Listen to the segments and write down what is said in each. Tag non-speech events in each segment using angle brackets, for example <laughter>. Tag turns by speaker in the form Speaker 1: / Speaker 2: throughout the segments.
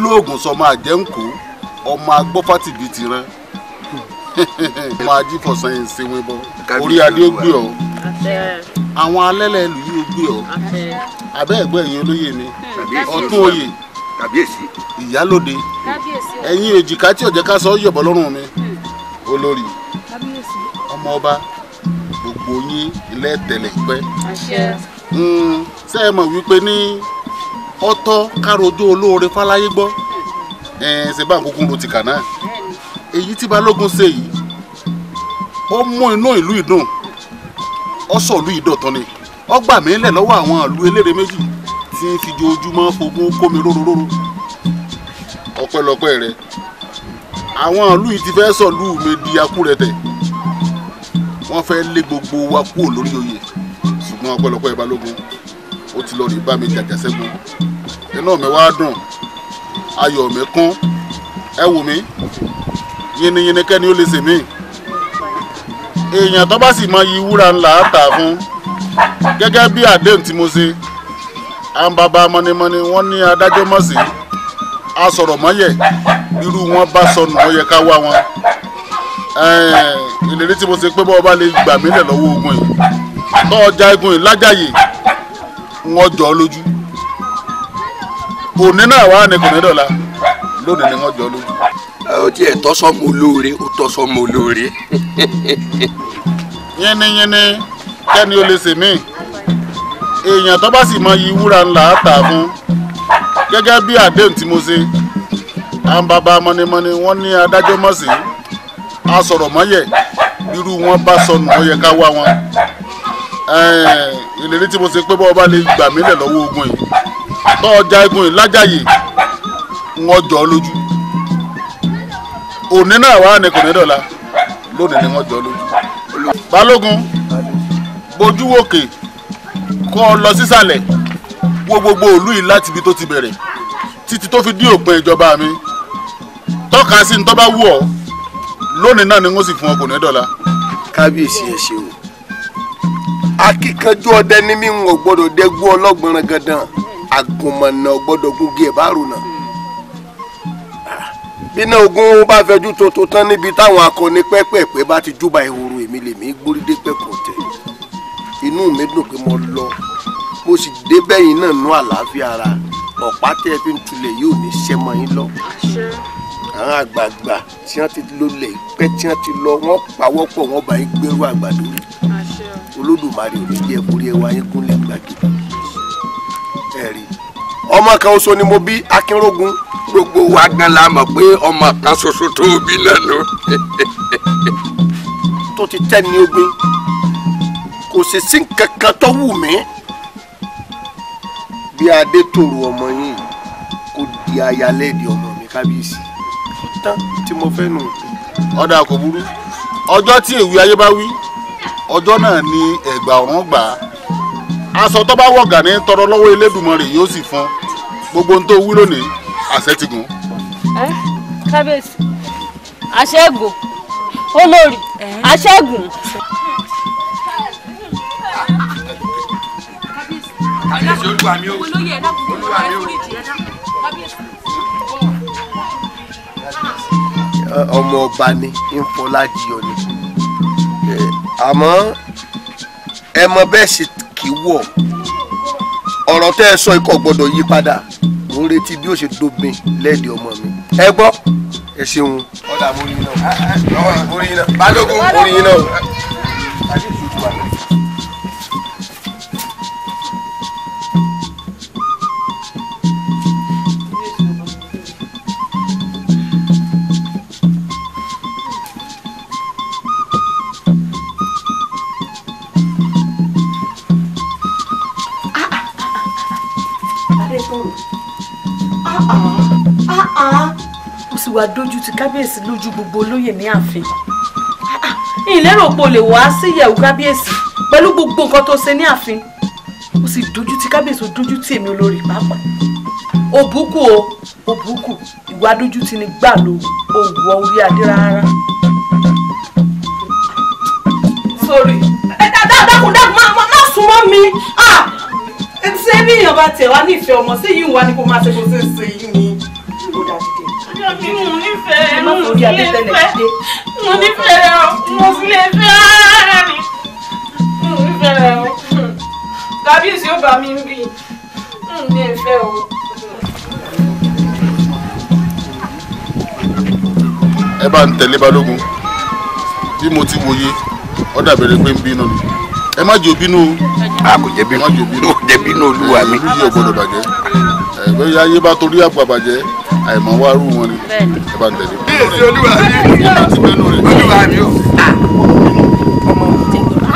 Speaker 1: ojúlóògùn sọmọ àjẹǹkó ọmọ agbọ́fàtìbí ti rán <laughs> ọmọ ajífọ̀sán yìí ń ṣe wíbọ orí adé ó gbé ọ àwọn alẹ́lẹ̀ ìlú yìí ó gbé ọ abẹ́ ẹ̀gbọ́n ẹ̀yin olóyè mi ọ̀tún oyè ìyálòde ẹ̀yin èjìká tí ọ̀jẹ̀ ká sọ yọ̀bọ̀ lọ́rùn mi hmm. olórí ọmọ ọba gbogbo yín ilẹ̀ tẹ̀lẹ̀ pẹ́ ṣe hmm. é mọ̀ wípé ní ọtọ károjó olóore fáláyé gbọ́ ẹ ṣe bá àkókò ro tìkà náà èyí tí balógun ṣe yìí ó mú inú ìlú ìdùn ó sọ ìlú ìdọ̀tán ni ó gbà mí lẹ̀ lọ́wọ́ àwọn ìlú eléré méjì tí ń fi ojoojúmọ́ fogún kómi róróróró ọpẹ́lọpẹ́ rẹ àwọn ìlú yìí ti fẹ́ sọ̀lú mi di akúrẹ̀tẹ̀ wọ́n fẹ́ lé gbogbo wa kúrò lórí oyè ṣùgbọ́n ọpẹ́lọpẹ́ balógun ó ti lọ rí bá mi jàjà ṣẹ́gun inú mi wá dùn ayọ̀ mi kún ẹ wù mí yìnyínní kẹ́ni ó lè sè mí èèyàn tó bá sì mọ iye wúrà ńlá tà fún gẹ́gẹ́ bí àdéhùn tí mo ṣe àǹbàbà mọ́nimọ́ni wọ́n ní adájọ́ mọ̀ sí asọ̀rọ̀ mọ́yẹ̀ irú wọn bá sọnù ó yẹ ká wá wọn ìlérí tí mo ṣe pé bọ́ọ̀ bá lè gbà mílẹ̀ lọ́wọ́ ogun yìí tọ́ ọjà igun yìí lájàyè ń ọjọ́ lójú kò ní náà wá ní kò ní dọ̀la lónìí ni wọ́n jọ lójú. ó tiẹ̀ tọ́sọ́mọ olóore ó tọ́sọ́mọ olóore. <laughs> yínníyínní kẹ́ni ó lè sè mí èèyàn tó bá sì mọ iye wúrà ńlá tà fún gẹ́gẹ́ bí àdéhùn tí mo ṣe àwọn bàbá mọ́nimọ́ni wọ́n ní adájọ́ mọ̀ sí asọ̀rọ̀ mọ́yẹ̀ irú wọn bá sọnù ó yẹ ká wá wọn ìlérí tí mo ṣe pé bọ́ọ̀ bá lè gbà mí lẹ̀ lọ́wọ́ ogun yìí tọ́jà egun ìlájàyè wọ́n jọ lójú òní náà wà ní kò ní dọ̀la lónìí ni wọ́n jọ lójú. balógun bójú wòkè kó o lọ sísàlẹ̀ wo gbogbo ìlú yìí láti ibi tó ti bẹ̀rẹ̀ títí tó fi dí òpin ìjọba mi tọ́ka sí ní tó bá wù ọ́ lónìí náà ni wọ́n sì fún ọ kò ní dọ̀la. kábíyèsí ẹ ṣeun akíkanjú ọdẹ ni mí ń
Speaker 2: wọ gbọ́dọ̀ dẹgbú ọlọ́gbọ̀nrán gandan àgùnmọ̀nà gbọ́dọ̀ gúngi ẹ̀ bá rònà ah, bínú ogun bá fẹjú tuntun tán níbi táwọn akọni pẹ́pẹ́pẹ́ bá ti júbà ìhòòrò èmi lèmi gbórídé pẹ̀kọ̀ tẹ̀ inú mi dùn pé mo lọ mo sì débẹ̀ yìí náà nú àlàáfíà ara ọ̀pá tẹ́ ẹ fi ń tulẹ̀ yóò ní sẹ́mọ yín lọ àwọn àgbààgbà tí wọ́n ti lólẹ̀ pẹ́ tí wọ́n ti lọ wọ́n pawọ́pọ̀ wọ́n bá yín gbérú àgbàdo olódùmarè ò jẹ́ orí yín gúnlẹ̀ gbàgede ẹ̀rí ọmọ kan ṣoṣo ni mo bí akínrógun. gbogbo wa gan la mọ̀ pé ọmọ kan ṣoṣo tó bí lẹ́nu. <laughs> tó ti tẹ́ ní ogun kò sì sí kankan tó wù mí. bí adé tòrò ọmọ yín kò di ayálẹ́ẹ̀dì
Speaker 1: ọmọ mi kábíyèsí tán tí mo fẹ́ nù. ọ̀dà kò burú ọjọ́ tí èwe ayé bá wí ọjọ́ náà ni ẹ̀gbà ọ̀run gbà á aṣọ tó bá wọ̀ gàní tọrọ lọ́wọ́ Elédùmarè yóò sì fún gbogbo ohun tó wí lónìí àṣẹ ti gùn.
Speaker 3: ẹ kábíyèsí àṣẹ́gun olórí àṣẹ́gun. kábíyèsí olúwa mi o olúwa mi
Speaker 2: o. ọmọ ọba ni ń fọlá jiyọ ni àmọ́ ẹ mọ bẹ́ẹ̀ ṣe kì í wọ̀ ọ̀rọ̀ tẹ́ ẹ sọ ikọ̀ gbọ́dọ̀ yí padà mo ń retí bí ó ṣe dóbin lẹ́ẹ̀dì ọmọ mi ẹ gbọ́ ẹ ṣeun. ọ̀dà mo rí iná balógun mo rí iná.
Speaker 3: wá dójú ti kábíyèsí lójú gbogbo olóyè ní ààfin ah, ah, ìlérò pò lè wá sí ìyẹ̀wù kábíyèsí pẹ̀lú gbogbo nǹkan tó ṣe ní ààfin
Speaker 2: ó sì dójú ti kábíyèsí ó dójú ti èmi olórí pàápàá òbúkù o òbúkù ìwà dójú ti ni gbà ló òwò orí adé rárá.
Speaker 3: sori ẹ dáadáa dákun dákun má má má sún mọ́ mi ah! ṣé bí èèyàn bá tiẹ̀ wá nífẹ̀ẹ́ ọmọ sí yìí wá ni kò máa ṣe kó ṣe é ṣe yìí ni
Speaker 4: mo fi lè fẹ́
Speaker 3: mo mo fi lè fẹ́ ara mi mo ní fẹ́rẹ̀ o kábíyèsí ó bá mi ń bì ń ní
Speaker 1: ẹ bá ń tẹ̀lé balógun bí mo ti wòye ó dàbẹ̀rẹ̀ pé ń bínú ni ẹ má jẹ́ òbínú o. a kò jẹ́ bínú olúwa mi. ìyá ò gbọ́dọ̀ bàjẹ́ ẹgbẹ́ yá yé bá torí àgbà bàjẹ́ àìmọ̀ wá rú wọn ni ẹ bá tẹ̀lé.
Speaker 2: bí èsì olúwa mi olúwa mi o.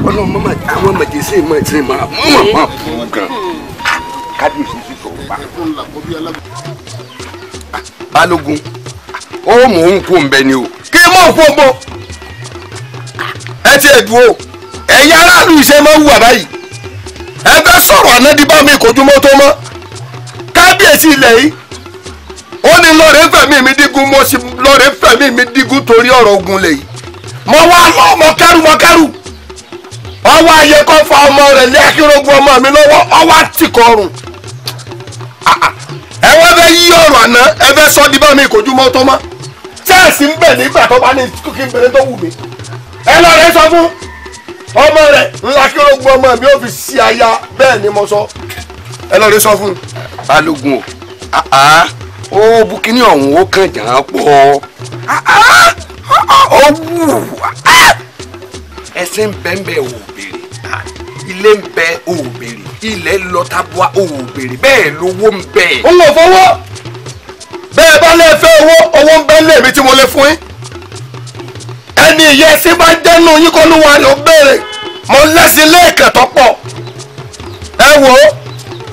Speaker 2: ọlọ́run mọ́mọ́ àwọn mọ̀jẹ̀sí mọ̀ ti mọ̀ mọ̀ mọ̀ kan kábíyèsí ti sọ̀rọ̀ pa. balógun ó mò ń kó ń bẹ ni o kí n mọ̀ kó bọ̀ ẹ ti ẹ̀ dúró ẹ̀yin aráàlú ìṣe máa ń wà báyìí ẹ fẹ́ sọ̀rọ̀ àná mi kojú mọ́tò mọ́. kábíyèsí ilẹ̀ yìí ó ní lọ́ọ̀rẹ́ fẹ̀mí mi dígun mo sì lọ́ọ̀rẹ́ fẹ̀mí mi dígun torí ọ̀rọ̀ ogun lẹ̀ yìí mo wá lọ mọ kẹrù mọ kẹrù ọwọ́ ayé kan fa ọmọ rẹ̀ lé akérògùn ọmọ mi lọ́wọ́ ọwọ́ àtìkọrùn ah, ah. ẹ wọ́n fẹ́ yí ọ̀rọ̀ àná ẹ fẹ́ sọ di mọ́ mọ́ sẹ́ẹ̀sì ń n tó wù mí ẹ sọ fún ọmọ rẹ̀ ńlá ọmọ mi balógun o ah, ah. ó bukini ọ̀hún ó kàn jàn án pọ̀ ah, ó wù ẹsẹ̀ ń bẹ́ ń bẹ́ ò béèrè ilé ń bẹ́ ò béèrè ilẹ̀ lọ tabua ò béèrè bẹ́ẹ̀ lówó ń bẹ́. n ò fọwọ́ bẹ́ẹ̀ bá lè fẹ́ owó owó ń bẹ́ lé mi tí mo lè fún yín ẹni ìyẹsí bá dẹnu yín kọ́ ló wà ló béèrè mo lẹ́sìn lẹ́ẹ̀kẹ́ tọ́pọ̀ ẹ wò ó.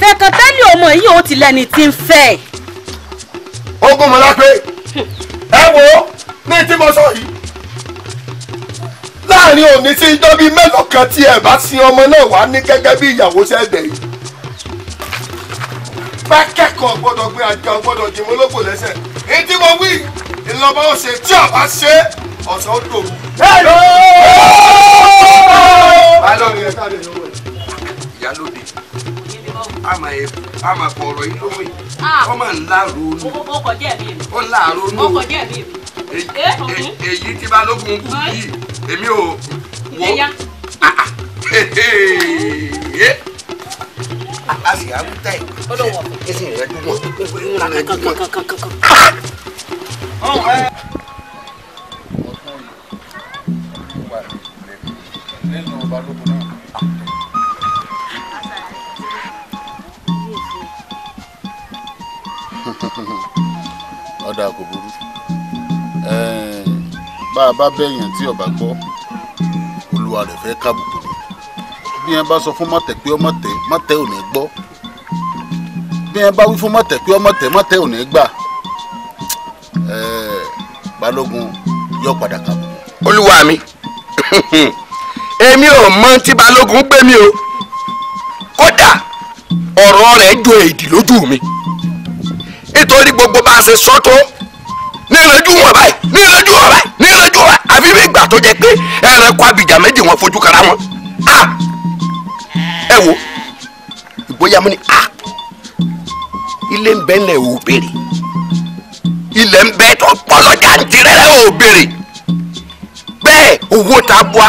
Speaker 3: fẹkàntẹ́lì ọmọ
Speaker 2: yìí ó ti lẹ́ni tí ń fẹ́. ogun mọ̀lápé ẹ wo ní tí mo sọ yìí láàrin òní sí ijọ́ bíi mélòó kan tí ẹ bá sin ọmọ náà wá ní gẹ́gẹ́ bí ìyàwó sẹ́gbẹ̀ẹ́ yìí bá kẹ́kọ̀ọ́ gbọ́dọ̀ gbé àjọ gbọ́dọ̀ dìmú lóko lẹ́sẹ̀ èyí tí mo wí ìlọ́mọ ọ̀sẹ̀ tí ọ̀bá ṣe ọ̀sán ó dòwú. ìyálóde àmà ẹ àmà bọ̀rọ̀ yìí lómi
Speaker 3: ó ah. máa ń láàrú ní. ó kọ jẹ́
Speaker 2: mi. ó láàrú ní. ó kọ jẹ́ mi. èyí tí balógun kù yìí èmi ò wò. Ah, ah. Eh. a sì á wúta ẹ ẹsẹ rẹ dúró ńlá dúró.
Speaker 1: nínú balógun náà. ọ̀dà kò burú bá a bá bẹ̀yàn tí ọba gbọ́ olúwa rẹ̀ fẹ́ kábùkù ni bí yẹn bá sọ fún mọ̀tẹ̀ pé ọmọ̀tẹ̀ mọ̀tẹ̀ ò ní gbọ́ bí yẹn bá wí fún mọ̀tẹ̀ pé ọmọ̀tẹ̀ mọ̀tẹ̀ ò ní gbà balógun yóò padà kábùkù. olúwa mi èmi
Speaker 2: ò mọ tí balógun gbé mi o kódà ọ̀rọ̀ rẹ̀ jọ èdì lójú mi nítorí gbogbo bá a ṣe sọ tó ní ìrẹ́jú wọn báyìí ní ìrẹ́jú wọn báyìí ní ìrẹ́jú wọn àfi bí ìgbà tó jẹ pé ẹranko abìjà méjì wọn fojú kara wọn a ẹ wo ìgbóyà mú ni a ah! ilé ń bẹ ńlẹ̀ ò béèrè ilẹ̀ ń bẹ tó pọ̀ lọ́jà ń tirẹ̀ ò béèrè bẹ́ẹ̀ owó ta bua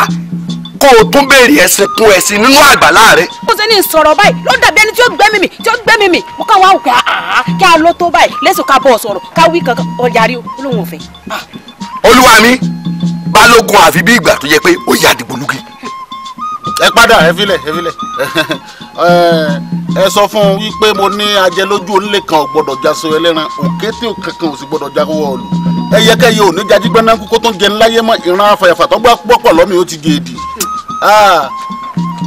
Speaker 2: kó o tún béèrè ẹ̀sìn kun ẹ̀sìn nínú àgbàlá rẹ.
Speaker 3: bó ṣe ní ìsọ̀rọ̀ báyìí ló dàbí ẹni tí ó gbẹ́mí mi tí ó gbẹ́mí mi mo kàn wá òkè àá ah, ah, kí a lọ tó báyìí lẹ́sùn ká bọ̀ sọ̀rọ̀ ká wí kankan ọjà rí olóhùn ọ̀fẹ́. Ah,
Speaker 1: olúwa mi balógun àfi bí ìgbà tó yẹ pé ó yà dìgbòlugi. ẹ padà ẹ filẹ ẹ filẹ <laughs> ẹ sọ fún un wípé mo ní ajẹ lójú onílé kan ò gbọ́dọ̀ jaso ẹlẹ́ran òkété kankan ò sì gbọ́dọ̀ jáwọ́ ọlù ẹyẹkẹyẹ ò ní jají gbẹnankú kó tó ń gẹni láyé mọ ìran afàyàfà tó gbà pọpọ lọmi ó ti géèdì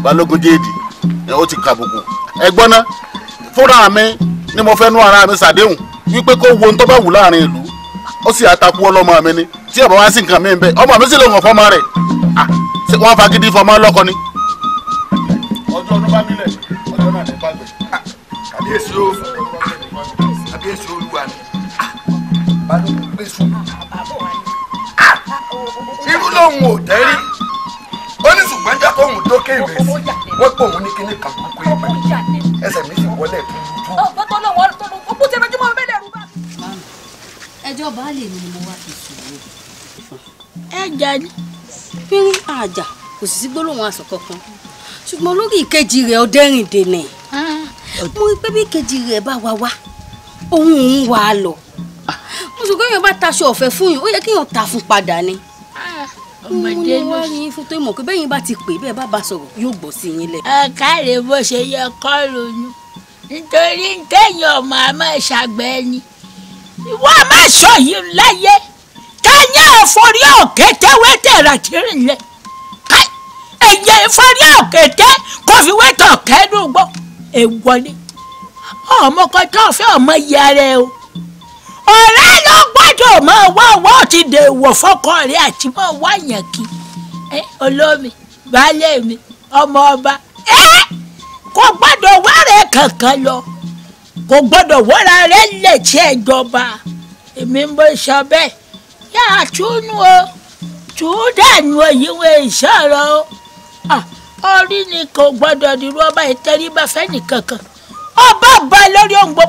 Speaker 1: balógun géèdì ó ti kàbùkù ẹ̀gbọ́n náà fúnra mi ni mo fẹ́ nú ara mi ṣàdéhùn wípé kó wo ohun tó bá wù láàrin ìlú ó sì àtakú ọlọ́mọ mi ni tí ẹ bá wá sí nǹkan mi bẹ ọmọ mi sì lè wọ̀n fọ́mọ rẹ̀ wọ́n fagídí fọmọ lọ́kọ ni.
Speaker 2: ọjọ́ ọdún bá nílẹ̀ ọjọ́ náà ní pàgbẹ́. kàbíyèsí o kàbíyèsí olúwa mi mi sùn irú lòun ò tẹ́rí ó ní ṣùgbọ́n jẹ́ kóun dókè rẹ̀ sí wọ́n pọ̀ òun ní kíní kan kúkú ìgbà ẹsẹ̀ mi sì wọlé tuntun.
Speaker 3: ọ̀gbọ́n tó lọ́wọ́ ó kú tẹ́lẹ̀ jùmọ̀ bẹ́ẹ̀ lẹ́rú bá. ẹjọ́ baálé mi ni mo wá fi sùúrù. ẹ jà ní pínrín àjà kò sì sí gbólóhùn aṣọ kankan ṣùgbọ́n lórí ìkejì rẹ̀ ọdẹ́rìn dènà ah. mo rí pé bí ìkejì rẹ̀ bá wa wá òun òun wà á lọ mo sọ pé èèyàn bá taṣọ ọ̀fẹ́ fún yín ó yẹ kéèyàn ta fún padà ni. Ah, ọmọdé ló wá yín fún tó mọ̀ pé bẹ́yìn bá ti pè bẹ́ẹ̀ bá ba sọ̀rọ̀ yóò gbọ́ sí yín lẹ̀. ọ̀kàrẹ̀ bó ṣe yẹ kọ́ ronú nítorí téèyàn ọmọ àmọ́ ṣàgbẹ́ ni ìwọ máa sọ yìí láyé káyé ìforí òkè tẹ́wé tẹ̀rà tìrì lẹ̀ káyé ẹ̀yẹ ìforí òkè tẹ́ kó fi wé tọ̀ kẹ́ẹ́dùn ni ọmọ kan tó fẹ́ ọmọ yẹ ara ẹ o ọ̀rẹ́ ló gbọ́dọ̀ mọ owó owó ti dèwọ̀ fọkọ rẹ̀ àti mọ owó àyàn kí olómi baálé mi ọmọ ọba kò gbọ́dọ̀ wárẹ̀ kankan lọ kò gbọ́dọ̀ wọ́ra rẹ̀ lè tí ẹ̀ jọba èmi ń bọ́ sọ bẹ́ẹ̀ yàrá túnú o tún dànù òyìnbó ìṣòro o orí ni kò gbọ́dọ̀ dirú ọba ìtẹríba fẹ́nìkankan ọba ọba lórí ohun gbọ́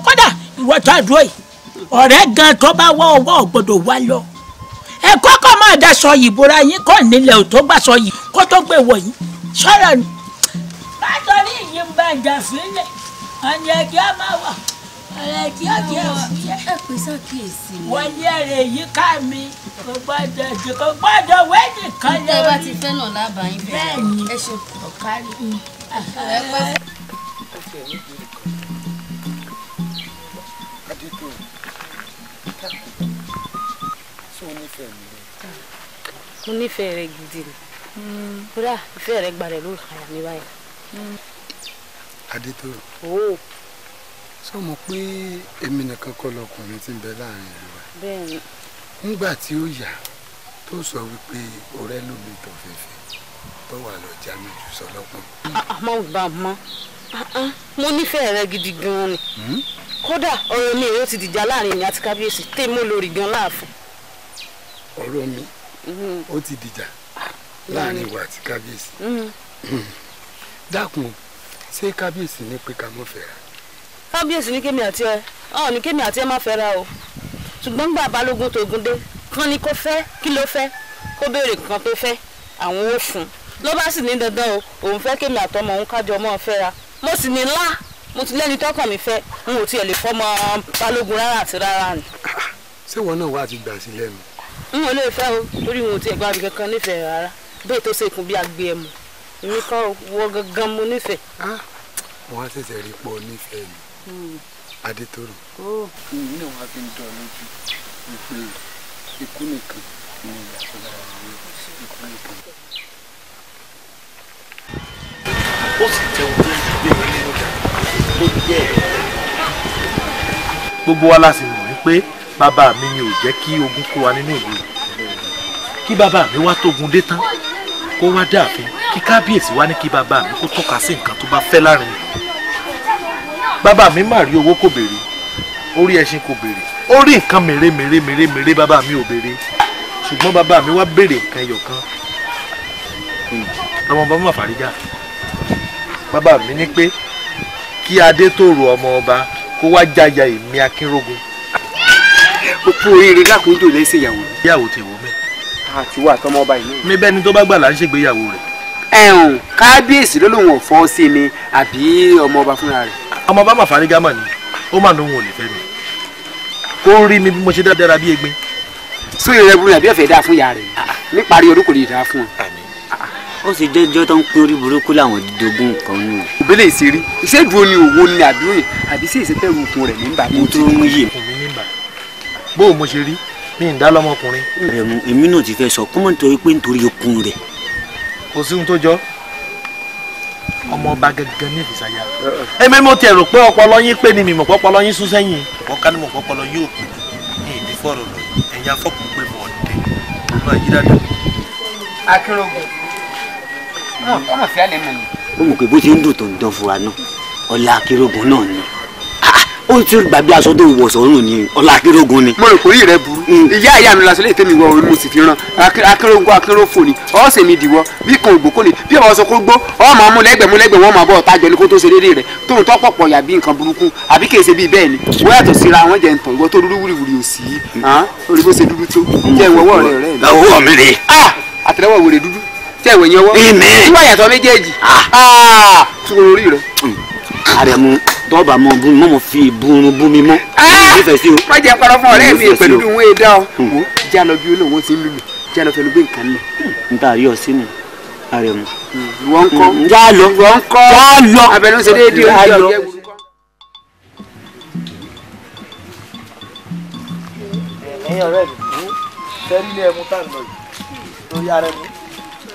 Speaker 3: ìwọ́ta dúró yìí ọ̀rẹ́ gan tó bá wọ́ ọwọ́ gbọ́dọ̀ wá lọ ẹ kọ́kọ́ máa da sọ yìí yín kọ́ nílẹ̀ ò tó gbà sọ yìí kó tó gbé wọ̀ yín sọ̀rọ̀ ni. bátọ̀rí yìí ń bá ìjà sílẹ̀ ọ̀nà kí a máa wà ọ̀nà kí a kí a wà. ẹ pè wọlé ẹrẹ yìí ká mi kò jù kò gbọ́dọ̀ wẹ́ẹ̀dì kan lórí. ìtẹ́ ti fẹ́ náà
Speaker 4: lábàá yín bẹ́ẹ̀ ni
Speaker 3: ẹ ṣe kọ̀ọ̀kárí. ẹ Hmm. Hmm. ṣé o nífẹ̀ẹ́ mi bẹ́ẹ̀. mo nífẹ̀ẹ́ rẹ gidi ni kódà ìfẹ́ rẹ gbalẹ̀ ló àyà mi báyìí.
Speaker 2: adétòrò sọ mọ pé èmi nìkan kọ́ lọkùnrin tí ń bẹ láàrin ìlú
Speaker 3: wa
Speaker 2: nígbà tí ó yà tó sọ wípé ọ̀rẹ́ ló mi tàn fẹ́fẹ́ tó wà lọ́jà mi jù sọ lọ́pọ̀. àmọ́ ò bá mọ́ ah, ah. mo
Speaker 3: nífẹ̀ẹ́ rẹ gidi gan-an ni hmm? kódà ọ̀rọ̀ mi èrò ti dìjà láàrin ìyá àti kábíyèsí tèmi olórí gan láàfin
Speaker 2: ọ̀rọ̀ mi mm-hmm. ó ti dìjà láàrin ìwà àti kábíyèsí
Speaker 3: mm-hmm.
Speaker 2: <clears throat> dákun ṣé kábíyèsí ní pé ká mọ́ fẹ́ra.
Speaker 3: kábíyèsí ní kémi àti ẹ ọ ní kémi àti ẹ má fẹ́ra o ṣùgbọ́n gbà balógun tógun dé kán ni kò fẹ́ kí ló fẹ́ kó béèrè nǹkan tó fẹ́ àwọn ò fún un ló bá sì ní dandan o òun fẹ́ kémi àtọmọ òun kájọ ọmọ fẹ́ra mo sì ní ńlá mo ti lẹ́ni tọkàn mi fẹ́ n ò tiẹ̀ lè fọmọ balógun rárá àti rárá ni.
Speaker 2: ṣé wọn náà wá ti gbà sí lẹ́nu
Speaker 3: n ò lè fẹ́ o torí wọn ò tiẹ̀ gba àbíkẹ́ kan nífẹ̀ẹ́ rárá bẹ́ẹ̀ tó ṣe ìkùn bí agbe ẹ̀mú èmi kan wọ gangan mo nífẹ̀ẹ́.
Speaker 2: wọn á ṣẹ̀ṣẹ̀ rí pọ̀ nífẹ̀ẹ́ mi hmm. adétòrò èyí náà wàá fi ń dán lójú wípé ikú nìkan ni ìyàtọ̀ lára rẹ̀ ikú nìkan.
Speaker 1: ó sì jẹ́ ojú ìgbé mi nínú ìjà tó
Speaker 2: jẹ́ ẹ̀. gbogbo wa la sì mọ̀ wípé bàbá mi ni ò jẹ́ kí ogun kó wa nínú ìlú kí bàbá mi wá tógun dé tán kó wá dáàfin kí kábíyèsí wá ní kí bàbá mi kó tọ́ka sí nǹkan tó bá fẹ́ láàrin ìlú bàbá mi má rí owó kò béèrè orí ẹṣin kò béèrè orí nǹkan mèrè bàbá mi ò béèrè ṣùgbọ́n bàbá mi wá béèrè nǹkan ẹyọ ọmọ bàbá màfàrígà bàbá mi ní pé kí adé tó ro ọmọ ọba kó wá jáya èmi akínrógun gbogbo oríire lákòójò lè ṣe ìyàwó. ìyàwó ti wọ bẹ́ẹ̀. àti wà tọmọ ọba yìí. mi bẹ́ẹ̀ ni tó bá gbà là ń ṣègbéyàwó rẹ̀. ẹ̀hún kábíyèsí ló lóun ọ̀fọ́ sí ni àbí ọmọ ọba fúnra rẹ̀. ọmọ ọba mà fárígá mà ni ó mà lóun ò lè fẹ́ mi kó rí mi bí mo ṣe dáadáa bí egbin. sóyè rẹ burú àbí ẹ̀fẹ̀ dáa fún ìyá rẹ̀ ah, ah. níparí ọdún kò lè dáa fún ọ ah, ó sì jẹ́jọ́ tó ń pín orí burúkú làwọn dogun kan nù. òbí lè iṣẹ́ ìdúró ni òwò ni àdúrà àbí sí ìṣẹ́fẹ́ òkun rẹ̀ ní bàbá. mo tó bó o mo ṣe rí mi ń dá lọ́mọkùnrin. èmi náà ti fẹ́ sọ kọ́mọ̀ nítorí pé nítorí ikùn rẹ̀. kò sí ohun tó jọ ọmọ ọba gangan ní ìfìsàyà. èmi mo tiẹ̀ rò pé ọpọlọ yín pé ni mi mọ̀ pọ́pọlọ yín sún sẹ́yìn. wọ́n ká ní mọ̀ pọ́pọlọ yóò pè ní ìdí fọ̀rọ̀ lọ ẹ̀yìn afọ́kù pé mọ̀ ọ̀dẹ́ ọmọ yìí dáadáa. akérògùn ọmọ fíà lè mọ̀ ni. ó mọ̀ pé bó ti ń dùn tó ń dán fura náà ọlá akérògùn náà ni ó ti gbàgbé aṣọ tó wọ̀ sọ́run ni ọlá akérògùn ni. mo rò pé orí rẹ mm. ìyá ìyá mi lásán lè tẹ́mi wọ orí mo sì fi ran akérògùn akéròfò ni ọ̀sẹ̀ mi dìwọ́ bí kan ògbókò ni bí ọ̀wọ́ sọ kó gbó ọ̀ máa lẹ́gbẹ̀ẹ́ mú lẹ́gbẹ̀ẹ́ wọ́n máa bọ̀ ọ̀tá jọ kó tó ṣe déédéé rẹ̀ tó ń tọ́pọ̀ pọ̀ yàbí nǹkan burúkú àbí kì í ṣe bíi bẹ́ẹ̀ ni wọ́n yàtọ̀ síra àwọn jẹ́ ntàn ìwọ́ tó dúdú wùrìwùrì òsì mm. orí bó ṣe dúdú tó jẹ́ ìwọ́wọ́ rẹ̀ rẹ̀ ni. ọwọ́ mi rè. àtẹlẹwọ́ wèrè dúdú tẹ́ ìwé yẹn wọ́. ìmẹ̀. wọ́n yàtọ̀ méjèèjì. sukoro orí rẹ̀. Mm. àrẹ̀mú tọ́ọ̀bà mọ bú mi mọ́ mọ́ fi ìbúrun bú mi mọ́. Ah! má jẹ́ parọ́ ọ̀rẹ́ mi pẹ̀lú bí wọ́n dá hmm. jẹ́ àlọ́ bí olówó ti ń lù mí jẹ́ àlọ́ fẹ́ẹ́ gbé nǹkan mi. Hmm. n ta yọ sí mi àrẹ̀mú. Hmm. wọ́n kọ́ wọ́n kọ́ abẹnú ṣe déédéé oúnjẹ ọ̀gẹ́ wù. ẹ̀yin ọ̀rẹ́ mi fẹ́ nílé ẹmu tá à ń lọ yìí lórí ara ẹmu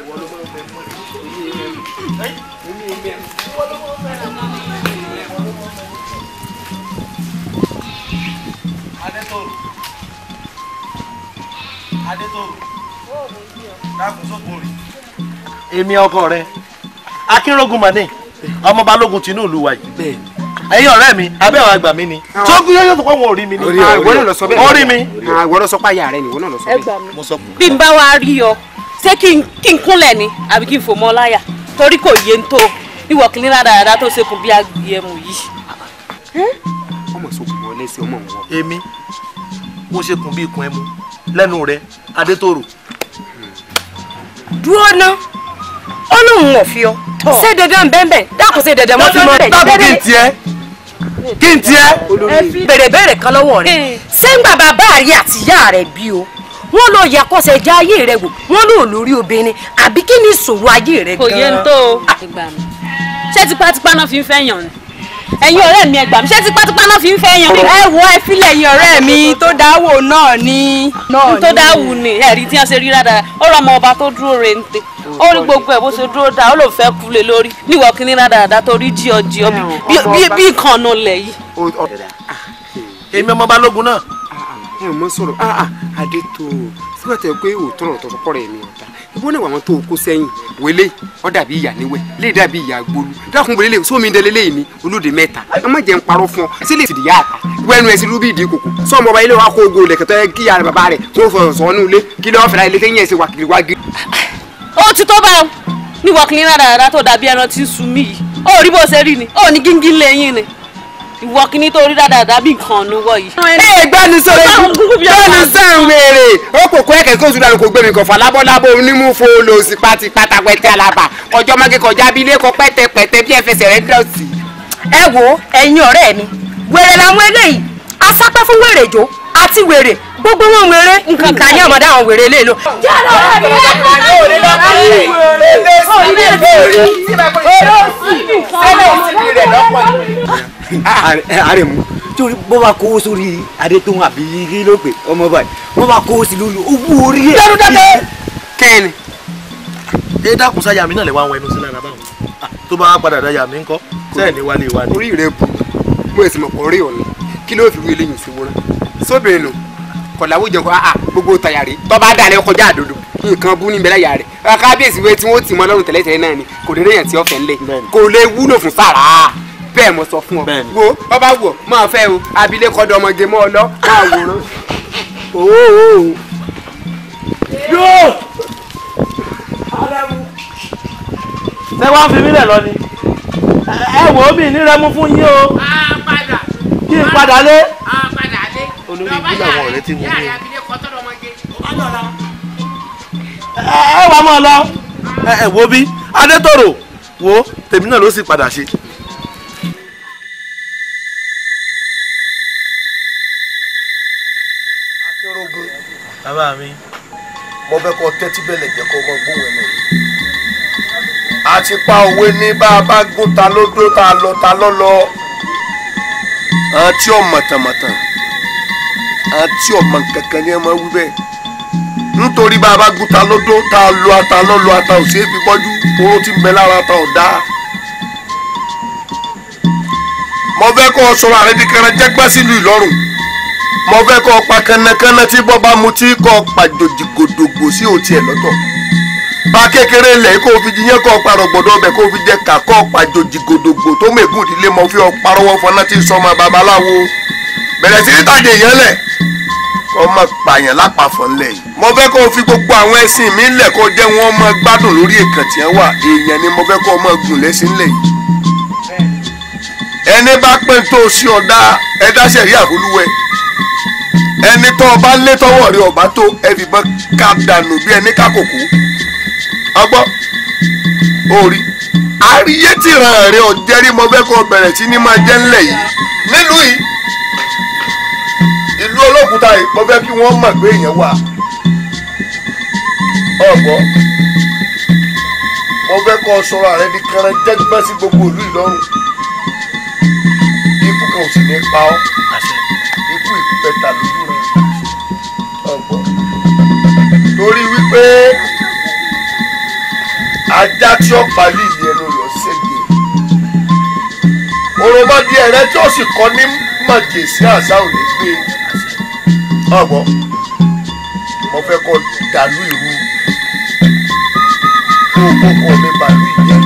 Speaker 2: ìwọ ló máa ń bẹ mọ́ ilé ẹmu ilé ẹmu ìwọ ló máa ń bẹ mọ́. adétòrò dákun sókòrè. èmi ọkọ rẹ akínrógun mani ọmọ balógun tinú ìlú wa yìí ẹ̀yin ọ̀rẹ́ mi abẹ́ àwọn àgbà mi ni tí ó gbúyọ́ yóò tó kọ́ wọn orí mi ni orí mi ah, àwọ̀ lọ sọ pé àyà rẹ nìwọ náà lọ sọ bẹ́ẹ̀. bí n
Speaker 3: bá wa rí ọ ṣé kí n kúnlẹ̀ ni àbí kí n fò mọ́ láyà torí kò yé n tó ìwọ kìíní rádaràdà tó ṣe kún bí agbèmù yìí.
Speaker 2: ọmọ sọkùn mọ lẹsẹ ọmọ wọn. mo ṣe kún bí ikùn ẹmu lẹ́nu rẹ adétòrò. dúró ná ó lóun ò fi ọ ṣé dandan bẹ́ẹ̀ dákun ṣe dandan mọ́ fi mọ́ bẹ́ẹ̀. dákun kí n tiẹ́ kí n
Speaker 3: tiẹ́. bèrè bèrè kan lọ́wọ́ rẹ̀ eh. ṣé ń gbà bàbá rẹ àti ìyá rẹ bí o wọ́n lọ yàkọ́sẹ̀ já ayé rẹ wò wọ́n lò lórí obìnrin àbí kí ni ìṣòro ayé rẹ gan kò yé ń tó ah. ṣé tipátipá náà fi ń fẹ́ yàn ni ẹ̀yin ọ̀rẹ́ mi ẹgbà mi ṣé tipátipá náà fi ń fẹ́ yan. ẹ wo ẹ filẹ̀ ẹ̀yin ọ̀rẹ́ mi tó dáwò náà ni. tó dáwò ni ẹ̀rí tí wọ́n ṣe rí rádàrà ó rọ ọmọ ọba tó dúró re ń tè ó rí gbogbo ẹ̀ bó ṣe dúró dáa ó lò fẹ́ kú lé lórí níwọ̀ kí ní rádàrà tó rí jí ọjì ọ bí ìkànnù lẹ̀ yìí.
Speaker 2: èmi ọmọ balógun náà. ẹ ah, ah, ah, ò mọ sọ̀rọ̀ adé tó sígbà tẹ pé òótọ́ ọ̀rọ̀ tọkọ rẹ̀ mi o wọ́n ní àwọn tó kó sẹ́yìn wẹ́lẹ́ ó ìyá níwẹ̀ lè dàbí ìyá gbolu dákun lè sómi dẹ́lẹ́ lẹ́yìn ni olóde mẹ́ta ẹ má jẹ́ ń parọ́ fún ọ sí lè fìdí yá àtà wẹ́nu rúbí ìdí kòkò sọ́ọ̀mù ọba ilé wa kó ogo lẹ̀kẹ́tọ́ kí ara bàbá rẹ̀ tó fọ̀rọ̀ sọ́ọ́nù ilé kí lọ́ọ́ fẹ́ra ilé tẹ́yìn ẹ̀sìn wàkìlì wá gé. ó ti tó bá
Speaker 3: ní wàkìlì rárá tó dàbí ẹran tí ń sun mí yìí ó rí bó ṣe rí ni ó ní gíngín lẹ́yìn ni ìwọ kìíní tó rí dáadáa bí nǹkan ọ̀nù wọ̀ yìí.
Speaker 2: ẹ gbẹ́nu sọ̀rọ̀ gbẹ́nu sẹ́hùn wèrè ó kò kó ẹ̀kẹ́ kóòtù dànù kò gbẹ̀mí kọ̀fà lábọ́lábọ́ onímú fòlò sí pati pátápẹ́tẹ́ alaba ọjọ́ mọ́gẹ́ kọjá bí ilé kọ pẹ́tẹ́pẹ́tẹ́ bí ẹ̀fẹsẹ̀ rẹ dọ̀tí. ẹ wo ẹ̀yin ọ̀rẹ́ mi wèrè
Speaker 3: làwọn eléyìí asápẹ́ fún wèrè jò àti wèrè gbogbo wọn wèrè nǹkan kan ní ọmọdé àwọn
Speaker 2: wèrè lè lọ sí wèrè ààrẹ mu torí bó bá kówó sórí adétóhun àbí ilé ló pè ọmọ báyìí bó bá kówó sí lólu owó orí ẹ. dẹ́rù dẹ́rù kíni. ẹ dákun sáyà mi náà lè wá àwọn ẹnu sí lára báwọn ah, tó bá padà dáyà mi ńkọ́ sẹ́ẹ̀ ni wálé wálé. orí rẹ bu mo èsì mọ̀ pọ̀ orí ọ̀nà kí ló fi wí eléyìí sí wúrán sóbìnrin nù kọ̀làwùjọ kọ́ àà ah, ah, gbogbo tàyà rè tọ́ bá kọjá àdodo nǹkan bú níbẹ̀ láyà rẹ̀ kábíyèsí wé tí wọ́n ti mọ́ lọ́rùn tẹ́lẹ̀tẹ́lẹ̀ náà ni kò ní rèyàn tí ọ̀fẹ́ ńlẹ̀ kò lè wúlò fún sàrà bẹ́ẹ̀ mo sọ fún ọ wo bàbá wò máa fẹ́ o abilékọ dọmọge mọ́ ọ lọ máa wòran. <laughs> yóò ṣé wàá fi mílẹ̀ lọ ni ẹ wò ó mi nírẹ́mú fún yín o kí n padà lé. olórí ìlú àwọn ọ̀rẹ́ tí mo ní. ẹ wàá mọ̀ ọ lọ ah. ẹ wò bí adétòrò wo tèmi náà ló sì padà ṣe. bàbá mi. mo fẹ́ kọ́ tẹ́tí bẹ̀lẹ̀ jẹ́ kó o mọ gbóhùn ẹ̀ lọ́yìn. a ti pa òwe ní bá a bá gún ta lódó ta lọ ta lọ́lọ́. àwọn tí ò mọ̀tàmọ̀tàn kankan ni ẹ máa wí bẹ́ẹ̀ nítorí bá a bá gún ta lódó ta lọ ata lọ́lọ́ ata ò sí èéfi pọ́jú oró ti ń bẹ lára ta ò dáa. mo fẹ́ kó sọ̀rọ̀ àrẹ́dínkẹrẹ jẹ́gbẹ́ sílùú Ìlọrin mo fẹ́ kọ́ pa kánnakánná tí bọ́ba mu tí kọ́ pa jòjìgòdògbò sí òtí ẹ̀ lọ́tọ̀ pa kékeré ilẹ̀ kó o fi jiyàn kọ́ parọ̀ gbọ́dọ̀ ọbẹ̀ kó o fi jẹ kà kọ́ pa jòjìgòdògbò tó mẹ́gùn ìdílé mo fi ọparọ́wọ́ fọná tí sọmọ babaláwo bẹ̀rẹ̀ sí nítajà èèyàn lẹ̀ kọ́ mọ̀ pààyàn lápapọ̀ ńlẹ̀ yìí mo fẹ́ kó o fi gbogbo àwọn ẹṣin mi lẹ̀ kó jẹ́ wọn mọ gbádùn lórí èkàntì ẹ̀ èèyàn ni mo fẹ́ kó o mọ gùn lẹ́sìn lẹ̀ yìí ẹni bá pẹ́ tó o sí ọ̀dà ẹ̀dá sẹ̀rí àbúlúwẹ̀ẹ́ ẹni tó ọba lé tọwọ́ rẹ ọba tó ẹfìbọn ká dànù bí ẹni ká kòkó agbọ́ orí àríyé ti ràn rẹ ọ̀jẹ́rí mo fẹ́ kó bẹ̀rẹ̀ sí ní máa jẹ́ ńlẹ̀ yìí nílùú yìí ìlú olókùúta yìí mo fẹ́ kí wọ́n mọ̀ pé èèyàn wà ọ̀gbọ́ mo fẹ́ kó sọ̀rọ̀ rẹ di kanra jẹ́gbẹ́ sí gbogbo ìlú ìlọ́run ikú kan ò sì ní pa ọ́ ikú ìpẹ́ta pé ajá tí ó palí ìlú ẹnu rẹ̀ ṣègbè òròmọdìẹ rẹ tí ó sì kọ ní màjèsí àṣà ò ní gbé ọgbọ mo fẹ́ kọ dàlú ìrú kó o kó kọ mi bàlú ìjẹ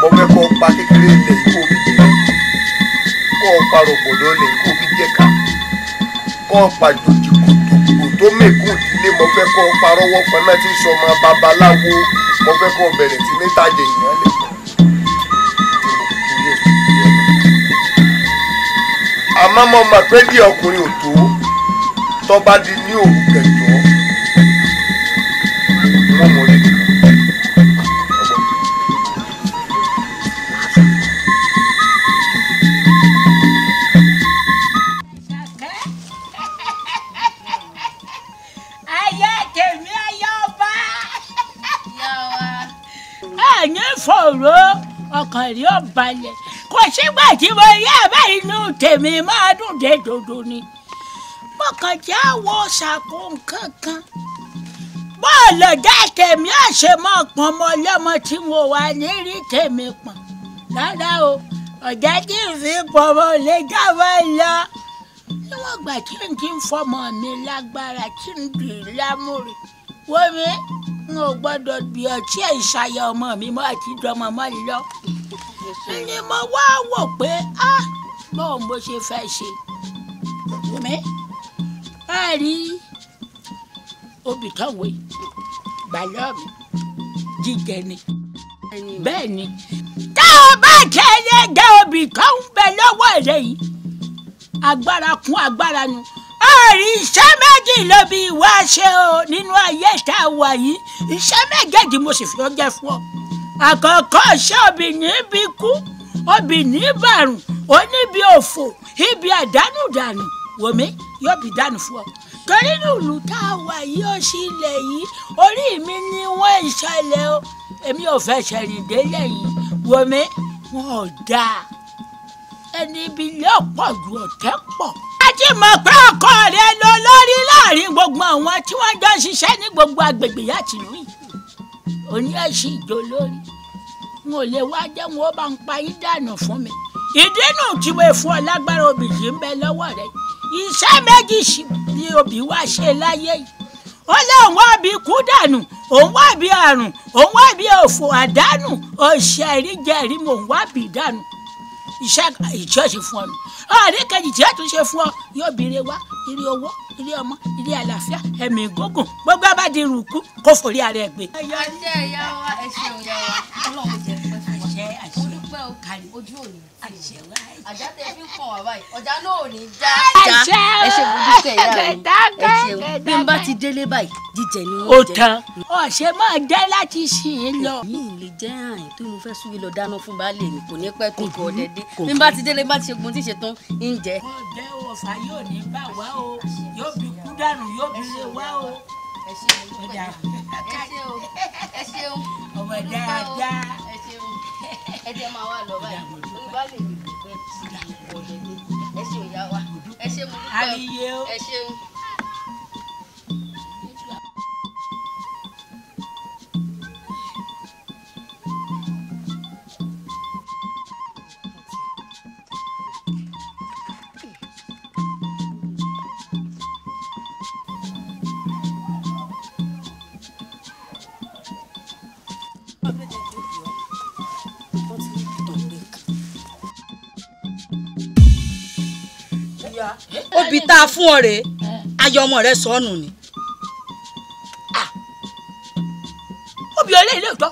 Speaker 2: mo fẹ́ kọ pa kékeré ilẹ̀ ikú mi jẹ kó o pa rògbòdó ilẹ̀ ikú mi jẹ ká kó pa jòjì ní mo fẹ́ kọ́ parọ́wọ́ kan náà tí sọ ọmọ babaláwo mo fẹ́ kọ́ bẹ̀rẹ̀ sí ní tàjẹ̀ èèyàn lè kọ́. àmọ́ mo mọ̀ pé bí ọkùnrin ò tó tọ́ba di ní òru
Speaker 3: balẹ̀ kò sígbà tí mo yá bẹ́ẹ̀ inú tèmi máa dùn dé dodo ni mọ̀kànjá wo ṣàkó nǹkan kan bọ́ọ̀lù ọ̀dá tèmi àṣẹ pọ́n mọ́ lọ́mọ tí mo wà ní rí tèmi pọ̀n rárá o ọ̀dá tí n fi pọ̀n lè jáwọ́ lọ níwọ̀n gbà tí n ti fọmọ mi lágbára tí n dì í lámúre wọ́n mi n ò gbọ́dọ̀ gbìyànjú ìṣayẹ ọmọ mi mọ́ àti dọ́mọ mọ́ lọ ni mo wá wò pé á bóun bó ṣe fẹ́ ṣe mi á rí obì tọ̀wé gbàlọ́ọ̀mù jíjẹ ni bẹ́ẹ̀ ni tá a bá jẹ́ ẹyẹ jẹ́ obì kan ń bẹ lọ́wọ́ rẹ̀ yìí agbára kún agbára nu àrí iṣẹ́ méjì lóbi ìwà o nínú ayé tá a wà yìí iṣẹ́ méjèèjì mo sì fi ọjẹ́ fún ọ àkọ́kọ́ ṣé obìnrin bí kú obìnrin bàrùn oníbi òfò ibi àdánù dànù wòmí yóò bí dànù fún ọ torí lùlù tá a wà yìí ó sì ilẹ̀ yìí orí mi ni wọ́n ìṣẹ̀lẹ̀ o èmi ò fẹ́ ṣẹ̀rìn délẹ̀ yìí wòmí wọn ò dáa ẹni ibi ilé ọ̀pọ̀ ju ọ̀tẹ̀ pọ̀. a ti mọ̀ pé ọkọ rẹ lọ lórí láàrin gbogbo àwọn tí wọ́n jọ ṣiṣẹ́ ní gbogbo agbègbè yàtìlú yìí oní ìjọ lórí n ò lè wá jẹ́ wọn ó bá ń pa yín dànù fún mi ìdí tí mo fún ọ lágbára obì yìí ń bẹ lọ́wọ́ rẹ iṣẹ́ méjì ni obì wá ṣe láyé yìí ó lóun wá bí kú dànù òun wá bí àrùn òun wá bí òfò àdánù ọ̀ṣẹ́ àríjẹ̀rí mò ń wá bí dànù iṣẹ́ ìjọ́sìn fún ọ nù ọ̀rẹ́ kejì tí a tún ṣe fún ọ yóò bèrè wá ire owó ilé ọmọ ilé àlàáfíà ẹ̀mí gógùn gbogbo abáde rùkú kó forí ara ẹ̀ gbé. ọjọ́ ìyá wa ẹ̀ṣẹ̀ òyà wa ọlọ́run jẹ́ pẹ́ fún wa ó dúpẹ́ ojú òní àjà tẹ fi ń kàn wá báyìí ọjà náà ò ní já. ẹ̀jẹ̀ ẹ̀ṣẹ̀ bùdú tẹ̀ yá bí n bá ti délé báyìí jíjẹ ni wọ́n jẹ́. ọ̀sẹ̀ máa jẹ́ láti ṣì í lọ. yìí lè jẹ́ àyìn tó mo fẹ́ sún lọ dáná fún baálé mi kò ní pẹ́ tó kọ ọ̀dẹ dé bí n bá ti délé bá ti ṣègùn tí ṣetán ń jẹ. ọ̀dẹ ọ̀fà yóò ní bá wa o yóò bí kú dànù yóò bí lè wá o. ẹ ṣeun ọmọ dáadáa ẹ jẹ́ máa wá lọ báyìí olùbá lè lè dúpẹ́ ẹ ṣe ìyá wa ẹ ṣe mo dúpẹ́ ẹ ṣeun. tá a fún ọ rèé ayọ̀ ọmọ rẹ sọnù ni. obì ọlẹ́ ilé ìjọ